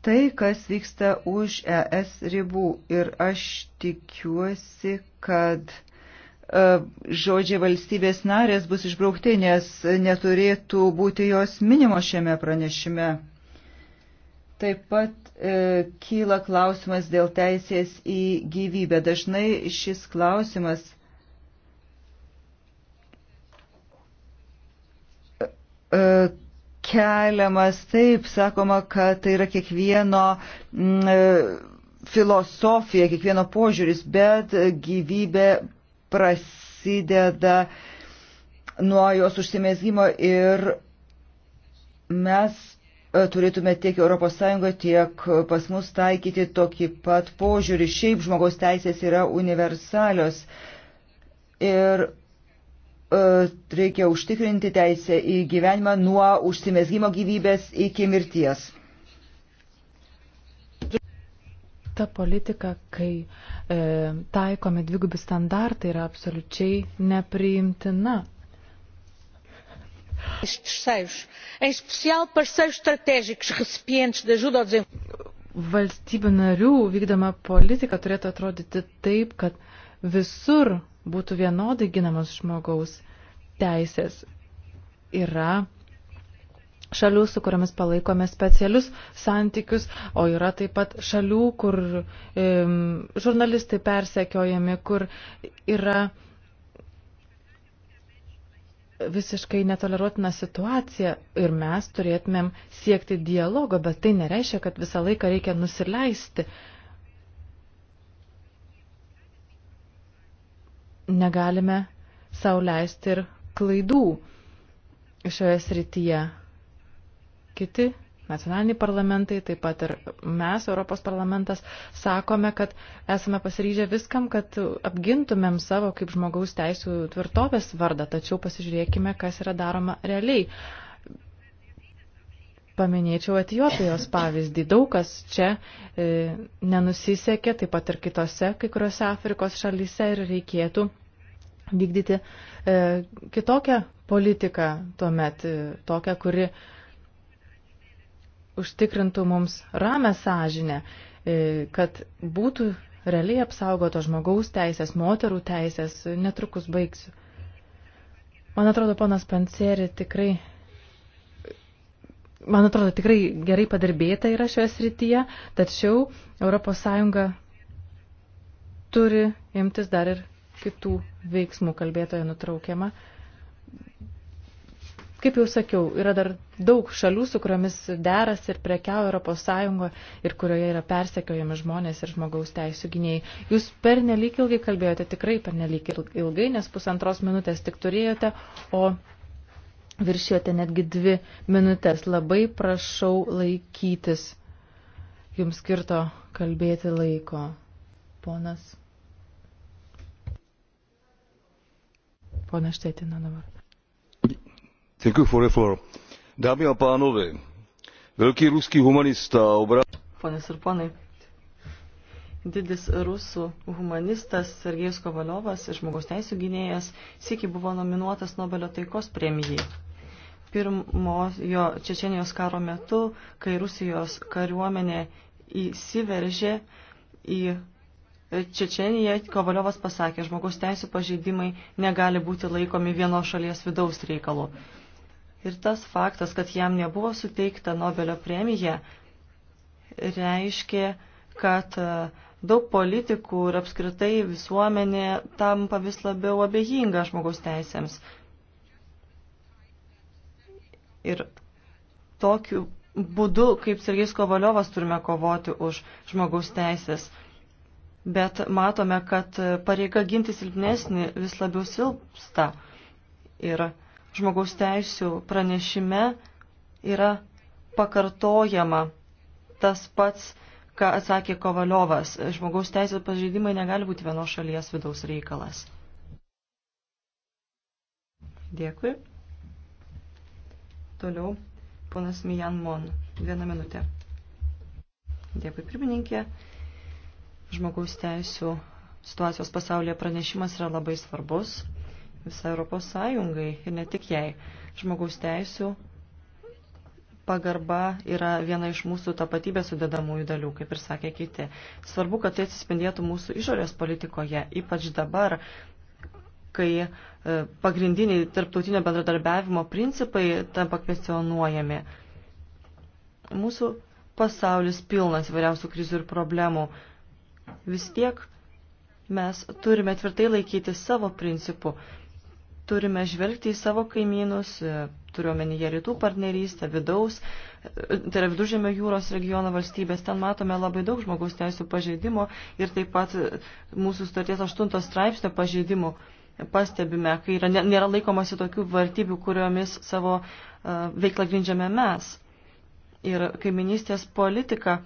tai, kas vyksta už ES ribų. Ir aš tikiuosi, kad e, žodžiai valstybės narės bus išbraukti, nes neturėtų būti jos minimo šiame pranešime. Taip pat e, kyla klausimas dėl teisės į gyvybę. Dažnai šis klausimas e, e, keliamas taip, sakoma, kad tai yra kiekvieno mm, e, filosofija, kiekvieno požiūris, bet gyvybė prasideda nuo jos užsimėzgymo ir mes e, turėtume tiek ES, tiek pas mus taikyti tokį pat požiūrį. Šiaip žmogaus teisės yra universalios. Ir E, reikia užtikrinti teisę į gyvenimą nuo užsimesgymo gyvybės iki mirties. Ta politika, kai e, taikomi dvigubi standartai, yra absoliučiai nepriimtina. Valstybių narių vykdoma politika turėtų atrodyti taip, kad visur būtų vienodai ginamos žmogaus teisės. Yra šalių, su kuriamis palaikome specialius santykius, o yra taip pat šalių, kur e, žurnalistai persekiojami, kur yra visiškai netoleruotina situacija ir mes turėtumėm siekti dialogo, bet tai nereiškia, kad visą laiką reikia nusileisti. E, negalime sauliaisti ir klaidų šioje srityje. Kiti nacionaliniai parlamentai, taip pat ir mes, Europos parlamentas, sakome, kad esame pasiryžę viskam, kad apgintumėm savo kaip žmogaus teisų tvirtovės vardą, tačiau pasižiūrėkime, kas yra daroma realiai paminėčiau Etijopijos pavyzdį. Daug kas čia e, nenusisekė, taip pat ir kitose, kai kuriuose Afrikos šalyse ir reikėtų vykdyti e, kitokią politiką tuomet, e, tokią, kuri užtikrintų mums ramę sąžinę, e, kad būtų realiai apsaugoto žmogaus teisės, moterų teisės. Netrukus baigsiu. Man atrodo, ponas Panceri tikrai man atrodo, tikrai gerai padirbėta yra šioje srityje, tačiau ES turi imtis dar ir kitų veiksmų kalbėtoje nutraukiama. Kaip jau sakiau, yra dar daug šalių, su kuriomis deras ir prekiau Europos Sąjungo ir kurioje yra persekiojami žmonės ir žmogaus teisų gynėjai. Jūs per nelik ilgai kalbėjote, tikrai per nelik ilgai, nes pusantros minutės tik turėjote, o viršijote netgi dvi minutės. Labai prašau laikytis jums skirto kalbėti laiko. Ponas. Pone Štetina dabar. Děkuji for the floor. Dámy a pánové, velký ruský humanista obra... Ponas ir ponai, didis rusų humanistas Sergejus Kovaliovas, žmogaus teisų gynėjas, sėki buvo nominuotas Nobelio taikos premijai pirmojo Čečenijos karo metu, kai Rusijos kariuomenė įsiveržė į Čečeniją, Kovaliovas pasakė, žmogaus teisų pažeidimai negali būti laikomi vienos šalies vidaus reikalu. Ir tas faktas, kad jam nebuvo suteikta Nobelio premija, reiškia, kad e, daug politikų ir apskritai visuomenė tampa vis labiau abejinga žmogaus teisėms. Ir tokiu būdu, kaip Sergejs Kovaliovas, turime kovoti už žmogaus teisės. Bet matome, kad pareiga ginti silpnesnį vis labiau silpsta. Ir žmogaus teisų pranešime yra pakartojama tas pats, ką atsakė Kovaliovas. Žmogaus teisės pažeidimai negali būti vienos šalies vidaus reikalas. Dėkui. Toliau ponas Mijan Mon. Vieną minutę. Dėkui, pirmininkė. Žmogaus teisų situacijos pasaulyje pranešimas yra labai svarbus visai Europos Sąjungai ir ne tik jai. Žmogaus teisų pagarba yra viena iš mūsų tapatybės sudedamųjų dalių, kaip ir sakė kiti. Svarbu, kad tai atsispindėtų mūsų išorės politikoje, ypač dabar, kai e, pagrindiniai tarptautinio bendradarbiavimo principai tampa kvestionuojami. Mūsų pasaulis pilnas vairiausių krizių ir problemų. Vis tiek mes turime tvirtai laikyti savo principų, turime žvelgti į savo kaimynus, e, turiuomenyje rytų partnerystę, vidaus, e, tai yra viduržėmio jūros regiono valstybės, ten matome labai daug žmogaus teisų pažeidimo ir taip pat mūsų starties aštuntos straipsnio pažeidimo pastebime, kai yra, nėra laikomasi tokių vartybių, kuriomis savo e, veiklą grindžiame mes. Ir kaiminystės politika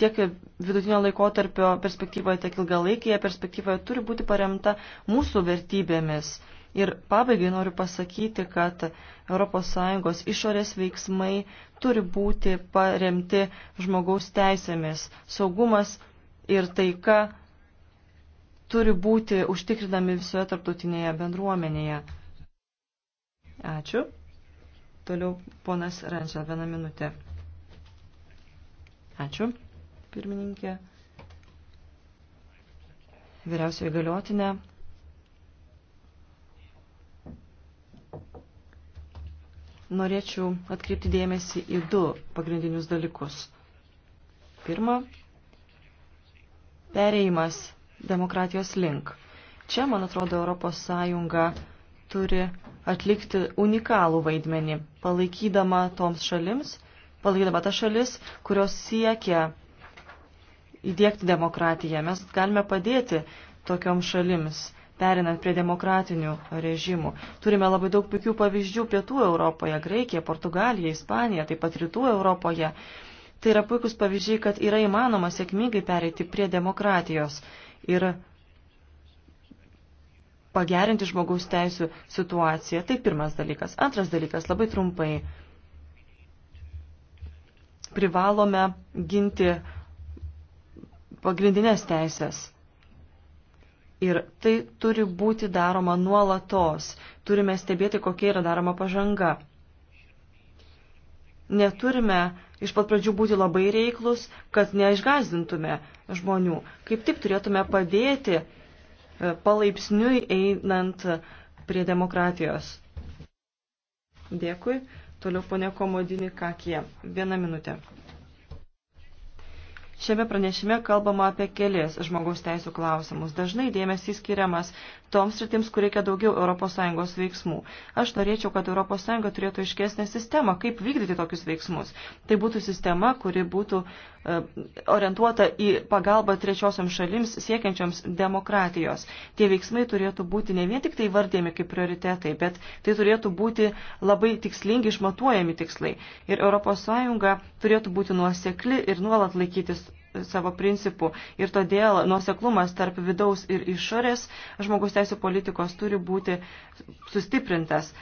tiek vidutinio laikotarpio perspektyvoje, tiek ilgalaikėje perspektyvoje turi būti paremta mūsų vertybėmis. Ir pabaigai noriu pasakyti, kad ES išorės veiksmai turi būti paremti žmogaus teisėmis. Saugumas ir taika turi būti užtikrinami visoje tarptautinėje bendruomenėje. Ačiū. Toliau ponas Renčel, vieną minutę. Ačiū, pirmininkė. Vyriausioji galiotinė. Norėčiau atkreipti dėmesį į du pagrindinius dalykus. Pirma, perėjimas demokratijos link. Čia, man atrodo, ES turi atlikti unikalų vaidmenį, palaikydama toms šalims, palaikydama tas šalis, kurios siekia įdėkti demokratiją. Mes galime padėti tokioms šalims, perinant prie demokratinių režimų. Turime labai daug puikių pavyzdžių pietų Europoje, Graikija, Portugalija, Ispanija, taip pat rytų Europoje. Tai yra puikus pavyzdžiai, kad yra įmanoma sėkmingai pereiti prie demokratijos ir pagerinti žmogaus teisų situaciją. Tai pirmas dalykas. Antras dalykas, labai trumpai, privalome ginti pagrindinės teisės. Ir tai turi būti daroma nuolatos. Turime stebėti, kokia yra daroma pažanga. Neturime iš pat pradžių būti labai reiklus, kad neišgazdintume žmonių. Kaip tik turėtume padėti e, palaipsniui einant prie demokratijos. Dėkui. Toliau ponė Komodini Kakie. Vieną minutę. Šiame pranešime kalbama apie kelias žmogaus teisų klausimus. Dažnai dėmesys skiriamas toms rytims, kur reikia daugiau ES veiksmų. Aš norėčiau, kad ES turėtų iškesnę sistemą, kaip vykdyti tokius veiksmus. Tai būtų sistema, kuri būtų e, orientuota į pagalbą trečiosiam šalims siekiančioms demokratijos. Tie veiksmai turėtų būti ne vien tik tai vardėmi kaip prioritetai, bet tai turėtų būti labai tikslingi, išmatuojami tikslai. Ir ES turėtų būti nuosekli ir nuolat laikytis savo principų. Ir todėl nuoseklumas tarp vidaus ir išorės žmogus teisų politikos turi būti sustiprintas.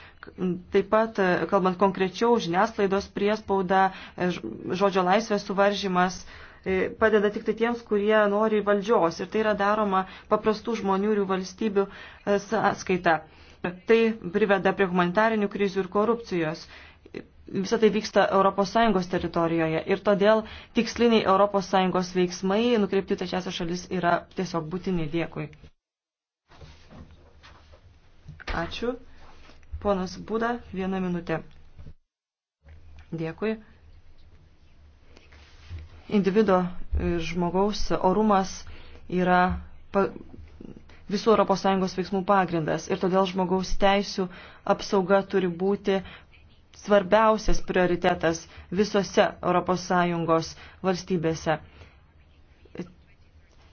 Taip pat, kalbant konkrečiau, žiniasklaidos priespauda, žodžio laisvės suvaržymas e, padeda tik tai tiems, kurie nori valdžios. Ir tai yra daroma paprastų žmonių ir jų valstybių e, sąskaita. Tai priveda prie humanitarinių krizių ir korupcijos visą tai vyksta ES teritorijoje ir todėl tiksliniai ES veiksmai nukreipti trečiasias šalis yra tiesiog būtini. Dėkui. Ačiū. Ponas Būda, vieną minutę. Dėkui. Individo e, žmogaus orumas yra visų ES veiksmų pagrindas ir todėl žmogaus teisų apsauga turi būti svarbiausias prioritetas visose ES valstybėse.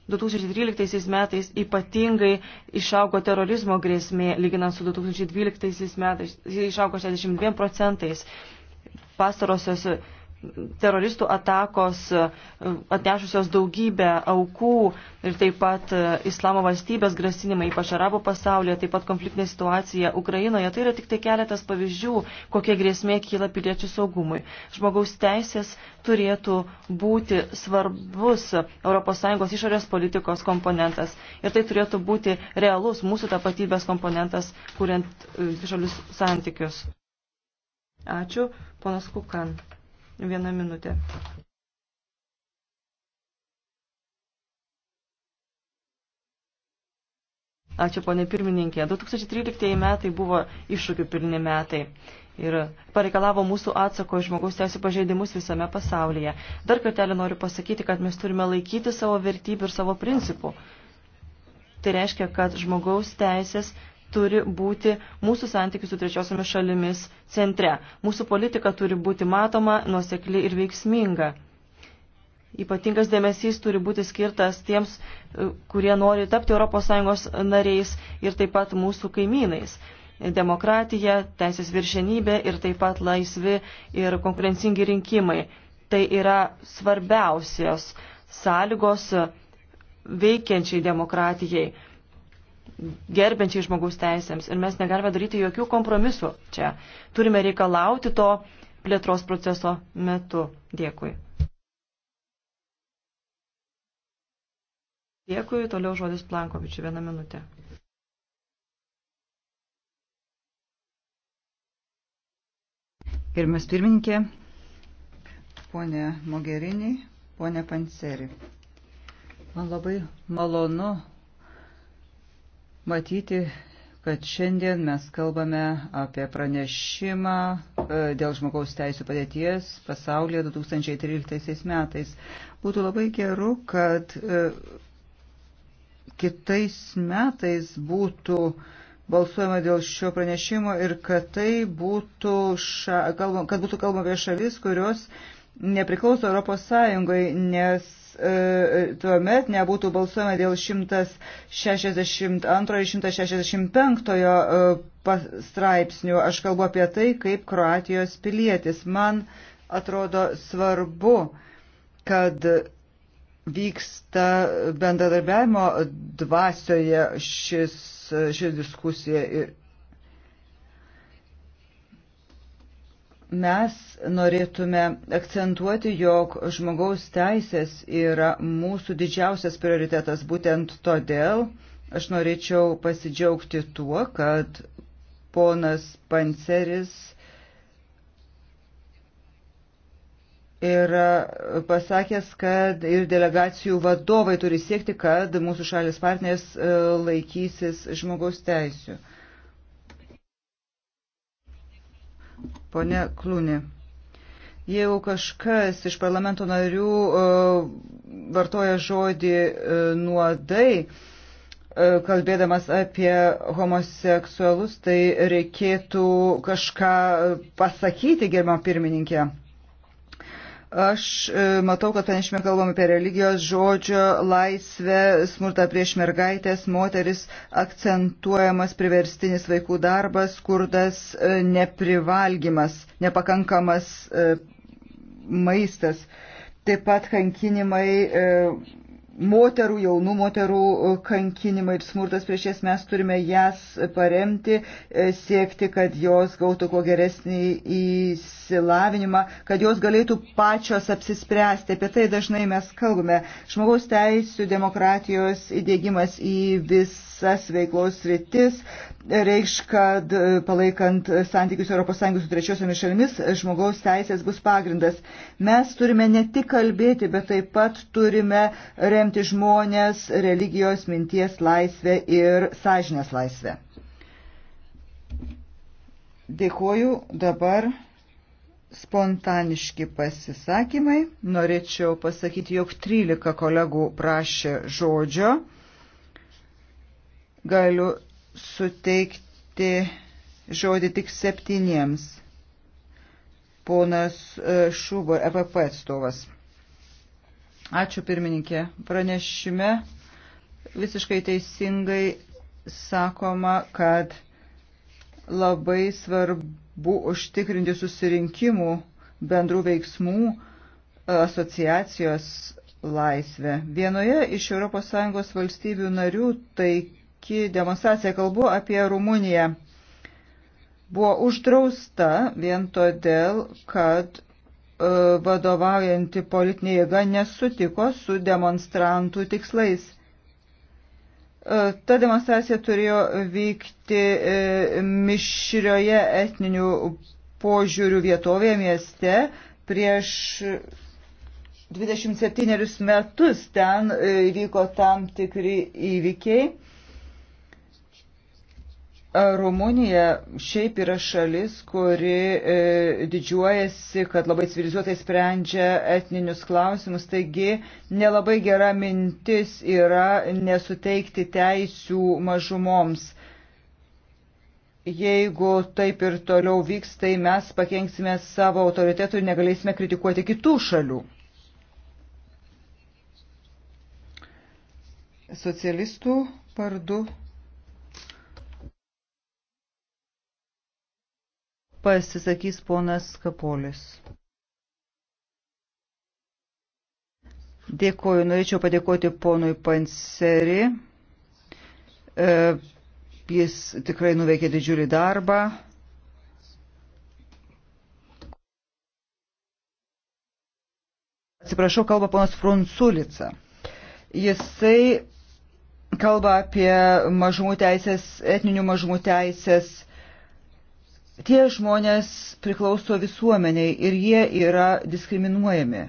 2013 metais ypatingai išaugo terorizmo grėsmė, lyginant su 2012 metais, išaugo 62 procentais. Pastarosios teroristų atakos e, atnešusios daugybę aukų ir taip pat e, islamo valstybės grasinimai, ypač arabo pasaulyje, taip pat konfliktinė situacija Ukrainoje. Tai yra tik tai keletas pavyzdžių, kokia grėsmė kyla piliečių saugumui. Žmogaus teisės turėtų būti svarbus ES išorės politikos komponentas ir tai turėtų būti realus mūsų tapatybės komponentas, kuriant e, dvišalius santykius. Ačiū, ponas Kukan. Vieną minutę. Ačiū, ponė pirmininkė. 2013 metai buvo iššūkių pilni metai ir pareikalavo mūsų atsako į žmogaus teisų pažeidimus visame pasaulyje. Dar kartelį noriu pasakyti, kad mes turime laikyti savo vertybių ir savo principų. Tai reiškia, kad žmogaus teisės turi būti mūsų santykių su trečiosiomis šalimis centre. Mūsų politika turi būti matoma, nuosekli ir veiksminga. Ypatingas dėmesys turi būti skirtas tiems, e, kurie nori tapti ES nariais ir taip pat mūsų kaimynais. Demokratija, teisės viršenybė ir taip pat laisvi ir konkurencingi rinkimai. Tai yra svarbiausios sąlygos veikiančiai demokratijai gerbiančiai žmogaus teisėms ir mes negalime daryti jokių kompromisų čia. Turime reikalauti to plėtros proceso metu. Dėkui. Dėkui, toliau žodis Plankovičiu, vieną minutę. Gerbiamas pirmininkė, ponė Mogerini, ponė Panseri. Man labai malonu matyti, kad šiandien mes kalbame apie pranešimą e, dėl žmogaus teisų padėties pasaulyje 2013 metais. Būtų labai geru, kad e, kitais metais būtų balsuojama dėl šio pranešimo ir kad tai būtų, ša, kalbam, kad būtų kalbama apie šalis, kurios nepriklauso Europos Sąjungoje, nes e, tuomet nebūtų balsuojama dėl 162 ir 165 e, straipsnių. Aš kalbu apie tai, kaip Kroatijos pilietis. Man atrodo svarbu, kad vyksta bendradarbiavimo dvasioje šis, šis diskusija. Ir, mes norėtume akcentuoti, jog žmogaus teisės yra mūsų didžiausias prioritetas. Būtent todėl aš norėčiau pasidžiaugti tuo, kad ponas Panceris yra pasakęs, kad ir delegacijų vadovai turi siekti, kad mūsų šalis partneris e, laikysis žmogaus teisų. Pone Klūni. Jeigu kažkas iš parlamento narių e, vartoja žodį e, nuodai, e, kalbėdamas apie homoseksualus, tai reikėtų kažką pasakyti, gerbiamą pirmininkę. Aš e, matau, kad pranešime kalbam apie religijos žodžio laisvę, smurtą prieš mergaitės, moteris, akcentuojamas priverstinis vaikų darbas, skurdas, e, neprivalgymas, nepakankamas e, maistas, taip pat kankinimai moterų, jaunų moterų e, kankinimai ir smurtas prieš jas mes turime jas paremti, e, siekti, kad jos gautų kuo geresnį įsilavinimą, kad jos galėtų pačios apsispręsti. Apie tai dažnai mes kalbame. Žmogaus teisų demokratijos įdėgymas į vis visas veiklos rytis reikš, kad e, palaikant santykius ES su trečiosiomis šalimis, žmogaus teisės bus pagrindas. Mes turime ne tik kalbėti, bet taip pat turime remti žmonės religijos, minties laisvę ir sąžinės laisvę. Dėkuoju dabar spontaniški pasisakymai. Norėčiau pasakyti, jog 13 kolegų prašė žodžio. Galiu suteikti žodį tik septyniems. Ponas e, Šubo, EPP atstovas. Ačiū pirmininkė. Pranešime visiškai teisingai sakoma, kad labai svarbu užtikrinti susirinkimų bendrų veiksmų e, asociacijos laisvę. Vienoje iš ES valstybių narių tai puikiai demonstracija, kalbu apie Rumuniją, buvo uždrausta vien todėl, kad e, vadovaujanti politinė jėga nesutiko su demonstrantų tikslais. E, ta demonstracija turėjo vykti e, mišrioje etninių požiūrių vietovėje mieste prieš 27 metus ten įvyko tam tikri įvykiai. Rumunija šiaip yra šalis, kuri e, didžiuojasi, kad labai civilizuotai sprendžia etninius klausimus, taigi nelabai gera mintis yra nesuteikti teisių mažumoms. Jeigu taip ir toliau vyks, tai mes pakenksime savo autoritetų ir negalėsime kritikuoti kitų šalių. Socialistų vardu pasisakys ponas Kapolis. Dėkoju, norėčiau padėkoti ponui Panseri. E, jis tikrai nuveikė didžiulį darbą. Atsiprašau, kalba ponas Frunculica. Jisai kalba apie mažumų teisės, etninių mažumų teisės Tie žmonės priklauso visuomeniai ir jie yra diskriminuojami.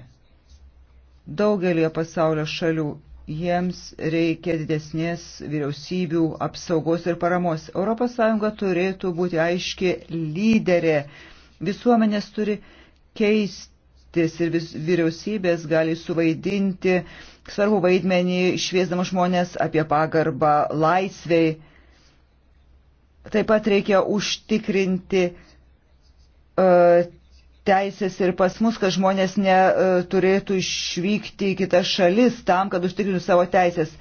Daugelie pasaulio šalių jiems reikia didesnės vyriausybių apsaugos ir paramos. ES turėtų būti aiški lyderė. Visuomenės turi keistis ir vis, vyriausybės gali suvaidinti svarbu vaidmenį, šviesdama žmonės apie pagarbą laisvei. Taip pat reikia užtikrinti uh, teisės ir pas mus, kad žmonės neturėtų e, uh, išvykti į kitas šalis tam, kad užtikrintų savo teisės.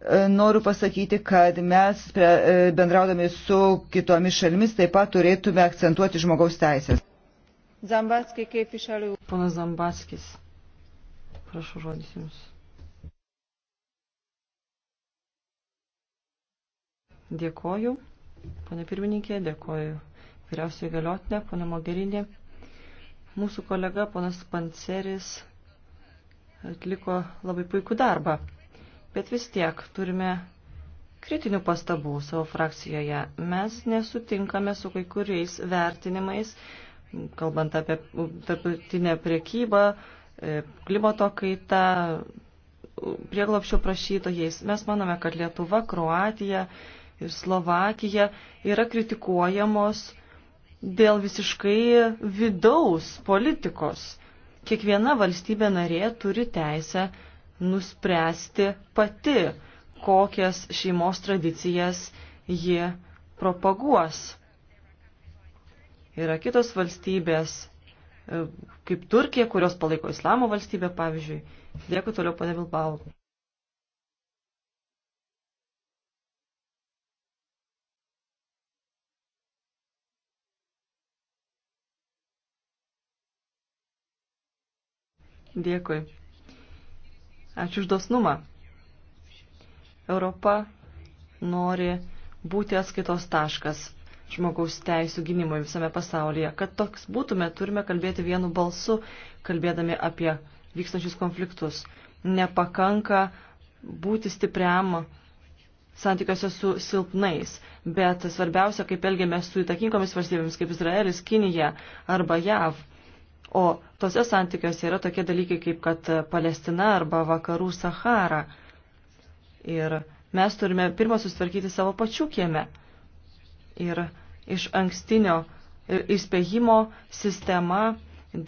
Uh, noriu pasakyti, kad mes bendraudami su kitomis šalimis taip pat turėtume akcentuoti žmogaus teisės. Zambatskis, kaip išaliu. Ponas Zambatskis, prašau žodis jums. Dėkoju. Pane pirmininkė, dėkoju vyriausiai galiotinė, ponė Mogerinė. Mūsų kolega, ponas Panceris, atliko labai puikų darbą. Bet vis tiek turime kritinių pastabų savo frakcijoje. Mes nesutinkame su kai kuriais vertinimais, kalbant apie tarptautinę priekybą, e, klimato kaitą, prieglopščio prašytojais. Mes manome, kad Lietuva, Kroatija, ir Slovakija yra kritikuojamos dėl visiškai vidaus politikos. Kiekviena valstybė narė turi teisę nuspręsti pati, kokias šeimos tradicijas ji propaguos. Yra kitos valstybės, e, kaip Turkija, kurios palaiko islamo valstybę, pavyzdžiui. Dėkui toliau, pane Vilbau. Dėkui. Ačiū už dosnumą. Europa nori būti atskaitos taškas žmogaus teisų gynimui visame pasaulyje. Kad toks būtume, turime kalbėti vienu balsu, kalbėdami apie vykstančius konfliktus. Nepakanka būti stipriam santykiuose su silpnais, bet svarbiausia, kaip elgiamės su įtakingomis valstybėmis kaip Izraelis, Kinija arba JAV. O tose santykiuose yra tokie dalykai kaip kad Palestina arba Vakarų Sahara. Ir mes turime pirmą susitvarkyti savo pačių kieme. Ir iš ankstinio e, įspėjimo sistema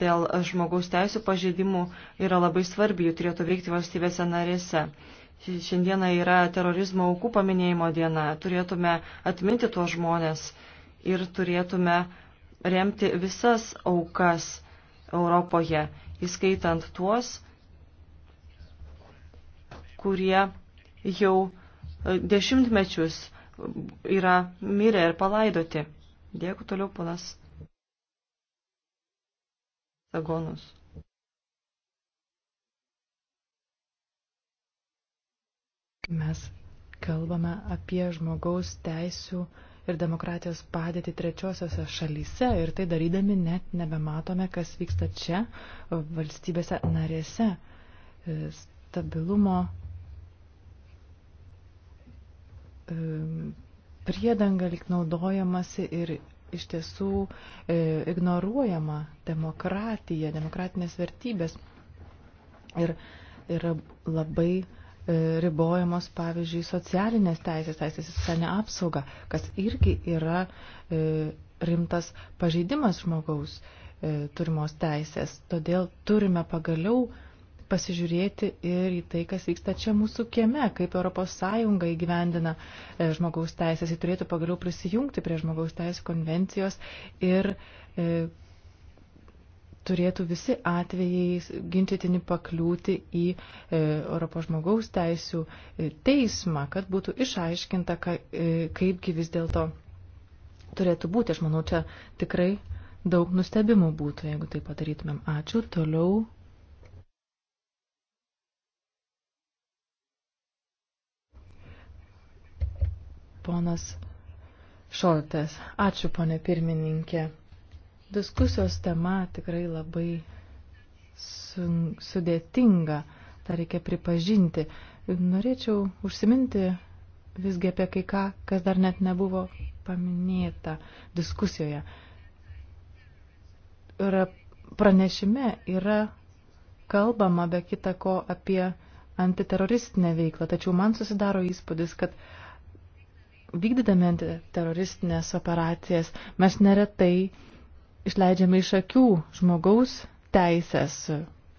dėl žmogaus teisų pažeidimų yra labai svarbi, jų turėtų veikti valstybėse narėse. Šiandiena yra terorizmo aukų paminėjimo diena, turėtume atminti tuos žmonės ir turėtume remti visas aukas Europoje, įskaitant tuos, kurie jau e, dešimtmečius yra mirę ir palaidoti. Dėkui toliau, ponas Sagonus. Mes kalbame apie žmogaus teisų ir demokratijos padėtį trečiosiose šalyse ir tai darydami net nebematome, kas vyksta čia valstybėse narėse. E, stabilumo e, priedanga lik naudojamasi ir iš tiesų e, ignoruojama demokratija, demokratinės vertybės. Ir yra labai E, ribojamos, pavyzdžiui, socialinės teisės, teisės į socialinę apsaugą, kas irgi yra e, rimtas pažeidimas žmogaus e, turimos teisės. Todėl turime pagaliau pasižiūrėti ir į tai, kas vyksta čia mūsų kieme, kaip ES įgyvendina žmogaus teisės. Ji turėtų pagaliau prisijungti prie žmogaus teisų konvencijos ir turėtų visi atvejai ginčytini pakliūti į e, Europos žmogaus teisų e, teismą, kad būtų išaiškinta, ka, e, kaipgi vis dėlto turėtų būti. Aš manau, čia tikrai daug nustebimų būtų, jeigu tai padarytumėm. Ačiū. Toliau. Ponas Šoltas. Ačiū, ponė pirmininkė. Diskusijos tema tikrai labai sudėtinga, tą reikia pripažinti. Norėčiau užsiminti visgi apie kai ką, kas dar net nebuvo paminėta diskusijoje. Ir pranešime yra kalbama be kita ko apie antiteroristinę veiklą, tačiau man susidaro įspūdis, kad vykdydami antiteroristinės operacijas mes neretai išleidžiame iš akių žmogaus teisės.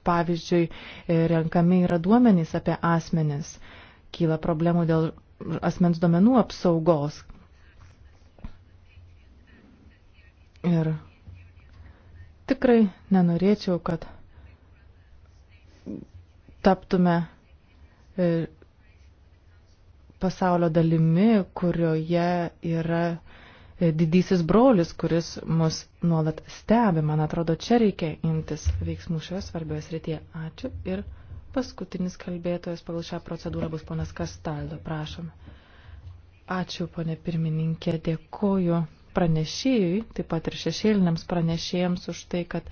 Pavyzdžiui, e, renkami yra duomenys apie asmenis, kyla problemų dėl asmens duomenų apsaugos. Ir tikrai nenorėčiau, kad taptume e, pasaulio dalimi, kurioje yra E, didysis brolis, kuris mus nuolat stebi. Man atrodo, čia reikia imtis veiksmų šioje svarbioje srityje. Ačiū. Ir paskutinis kalbėtojas pagal šią procedūrą bus ponas Kastaldo. Prašom. Ačiū, ponė pirmininkė. Dėkoju pranešėjui, taip pat ir šešėliniams pranešėjams už tai, kad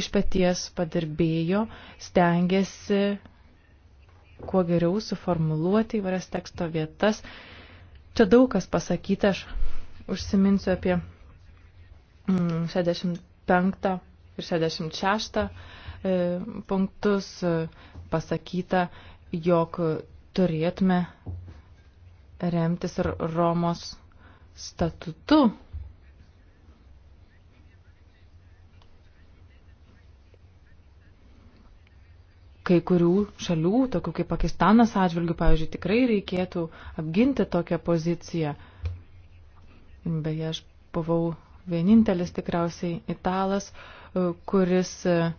iš paties padirbėjo, stengiasi kuo geriau suformuluoti įvairias teksto vietas. Čia daug kas pasakyta, aš Užsiminsiu apie 65 mm, ir 66 e, punktus e, pasakyta, jog turėtume remtis ir Romos statutu. Kai kurių šalių, tokių kaip Pakistanas atžvilgių, pavyzdžiui, tikrai reikėtų apginti tokią poziciją. Beje, aš buvau vienintelis tikriausiai italas, e, kuris e,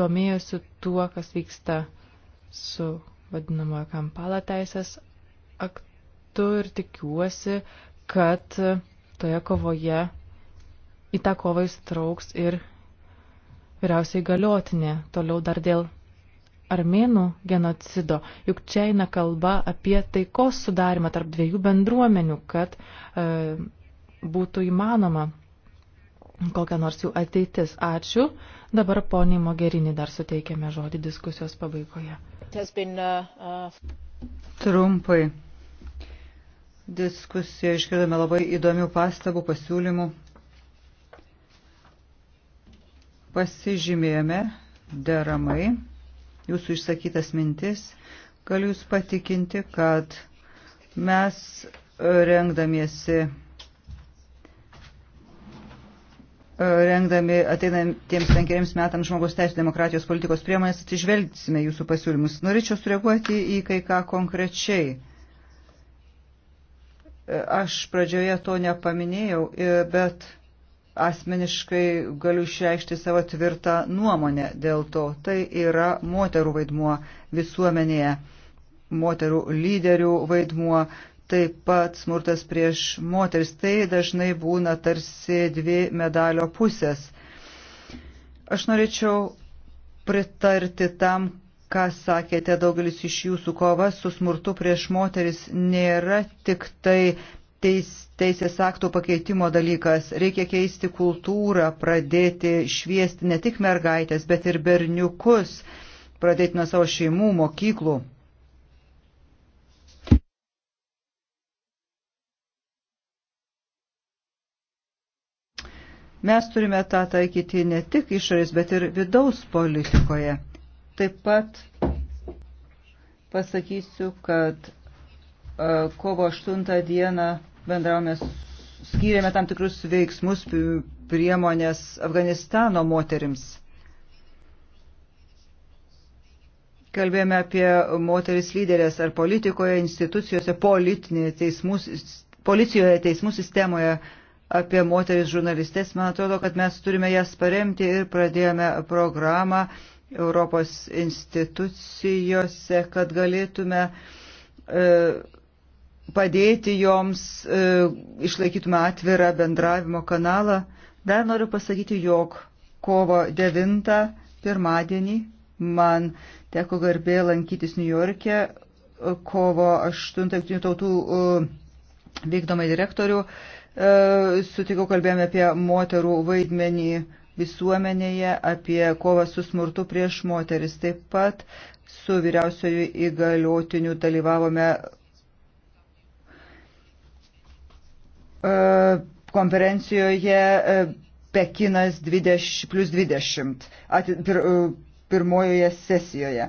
domėjosi tuo, kas vyksta su vadinamojo Kampala teisės aktu ir tikiuosi, kad toje kovoje į tą kovą įstrauks ir vyriausiai galiotinė toliau dar dėl armėnų genocido. Juk čia eina kalba apie taikos sudarimą tarp dviejų bendruomenių, kad e, būtų įmanoma kokia nors jų ateitis. Ačiū. Dabar poniai Mogerinį dar suteikėme žodį diskusijos pabaigoje. Been, uh, uh... Trumpai. Diskusiją išgirdome labai įdomių pastabų, pasiūlymų. Pasižymėjome deramai jūsų išsakytas mintis. Galiu jūs patikinti, kad mes rengdamiesi E, rengdami ateinantiems penkeriems metams žmogaus teisų demokratijos politikos priemonės atsižvelgsime jūsų pasiūlymus. Norėčiau sureaguoti į kai ką konkrečiai. E, aš pradžioje to nepaminėjau, e, bet asmeniškai galiu išreikšti savo tvirtą nuomonę dėl to. Tai yra moterų vaidmuo visuomenėje, moterų lyderių vaidmuo, taip pat smurtas prieš moteris. Tai dažnai būna tarsi dvi medalio pusės. Aš norėčiau pritarti tam, ką sakėte daugelis iš jūsų, kova su smurtu prieš moteris nėra tik tai teis, teisės aktų pakeitimo dalykas. Reikia keisti kultūrą, pradėti šviesti ne tik mergaitės, bet ir berniukus, pradėti nuo savo šeimų, mokyklų. Mes turime tą taikyti ne tik išorės, bet ir vidaus politikoje. Taip pat pasakysiu, kad e, kovo 8 dieną bendravome, skyrėme tam tikrus veiksmus priemonės Afganistano moterims. Kalbėjome apie moteris lyderės ar politikoje, institucijose, politinėje teismų, policijoje, teismų sistemoje apie moteris žurnalistės, man atrodo, kad mes turime jas paremti ir pradėjome programą Europos institucijose, kad galėtume e, padėti joms, e, išlaikytume atvirą bendravimo kanalą. Dar noriu pasakyti, jog kovo 9 pirmadienį man teko garbė lankytis New York'e kovo 8 tautų e, vykdomai direktorių E, sutikau, kalbėjome apie moterų vaidmenį visuomenėje, apie kovą su smurtu prieš moteris. Taip pat su vyriausioju įgaliotiniu dalyvavome e, konferencijoje e, Pekinas 20, plus 20 pir, pirmojoje sesijoje.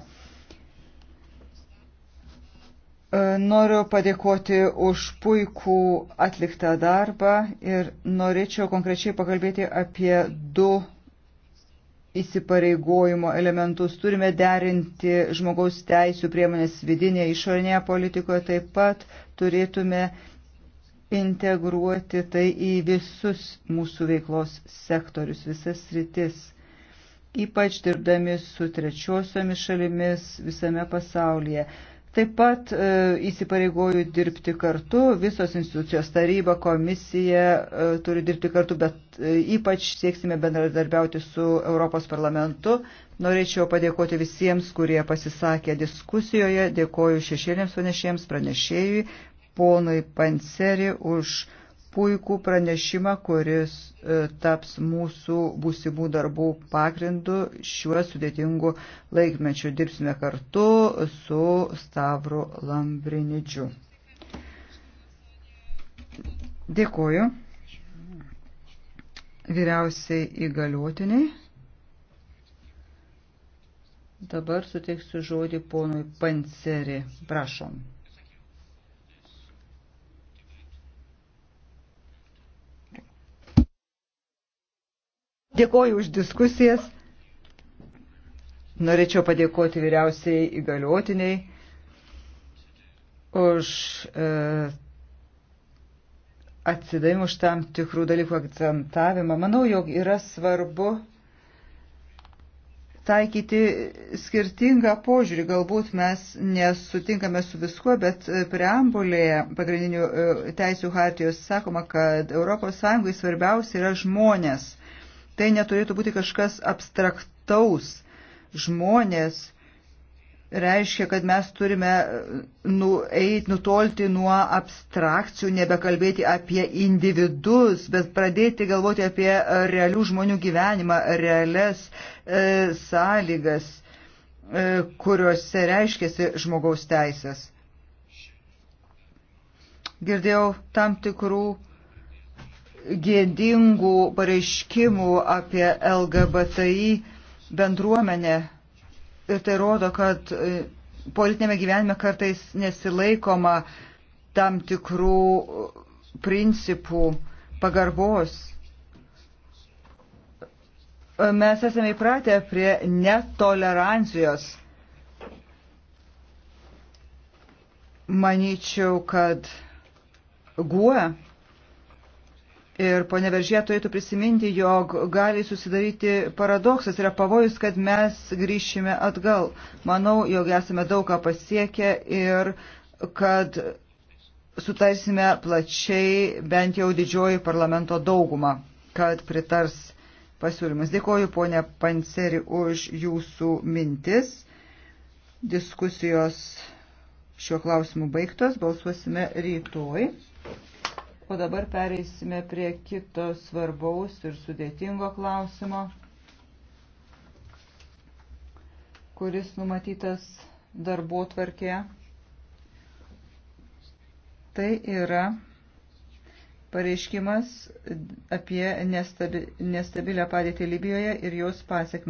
Noriu padėkoti už puikų atliktą darbą ir norėčiau konkrečiai pakalbėti apie du įsipareigojimo elementus. Turime derinti žmogaus teisų priemonės vidinėje išorinėje politikoje, taip pat turėtume integruoti tai į visus mūsų veiklos sektorius, visas rytis, ypač dirbdami su trečiosiomis šalimis visame pasaulyje. Taip pat e, įsipareigoju dirbti kartu, visos institucijos taryba, komisija e, turi dirbti kartu, bet e, ypač sieksime bendradarbiauti su Europos parlamentu. Norėčiau padėkoti visiems, kurie pasisakė diskusijoje, dėkoju šešėlėms panešėjams, pranešėjui, ponui Panseri už puikų pranešimą, kuris e, taps mūsų būsimų darbų pagrindu šiuo sudėtingu laikmečiu. Dirbsime kartu su Stavru Lambrinidžiu. Dėkoju vyriausiai įgaliotiniai. Dabar suteiksiu žodį ponui Panceri. Prašom. Dėkoju už diskusijas. Norėčiau padėkoti vyriausiai įgaliotiniai už e, atsidavimą, už tam tikrų dalykų akcentavimą. Manau, jog yra svarbu taikyti skirtingą požiūrį. Galbūt mes nesutinkame su viskuo, bet preambulėje pagrindinių e, teisų hartijos sakoma, kad ES svarbiausia yra žmonės. Tai neturėtų būti kažkas abstraktaus. Žmonės reiškia, kad mes turime e, nueit, nutolti nuo abstrakcijų, nebekalbėti apie individus, bet pradėti galvoti apie e, realių žmonių gyvenimą, realias e, sąlygas, e, kuriuose reiškiasi žmogaus teisės. Girdėjau tam tikrų gėdingų pareiškimų apie LGBTI bendruomenę. Ir tai rodo, kad e, politinėme gyvenime kartais nesilaikoma tam tikrų e, principų pagarbos. E, mes esame įpratę prie netolerancijos. Manyčiau, kad guoja Ir ponia Veržė turėtų prisiminti, jog gali susidaryti paradoksas, yra pavojus, kad mes grįšime atgal. Manau, jog esame daug ką pasiekę ir kad sutarsime plačiai bent jau didžioji parlamento dauguma, kad pritars pasiūlymas. Dėkoju ponia Panseri už jūsų mintis. Diskusijos šiuo klausimu baigtos, balsuosime rytoj. O dabar pereisime prie kito svarbaus ir sudėtingo klausimo, kuris numatytas darbo tvarkė. Tai yra pareiškimas apie nestabilę padėtį Libijoje ir jos pasiekmes.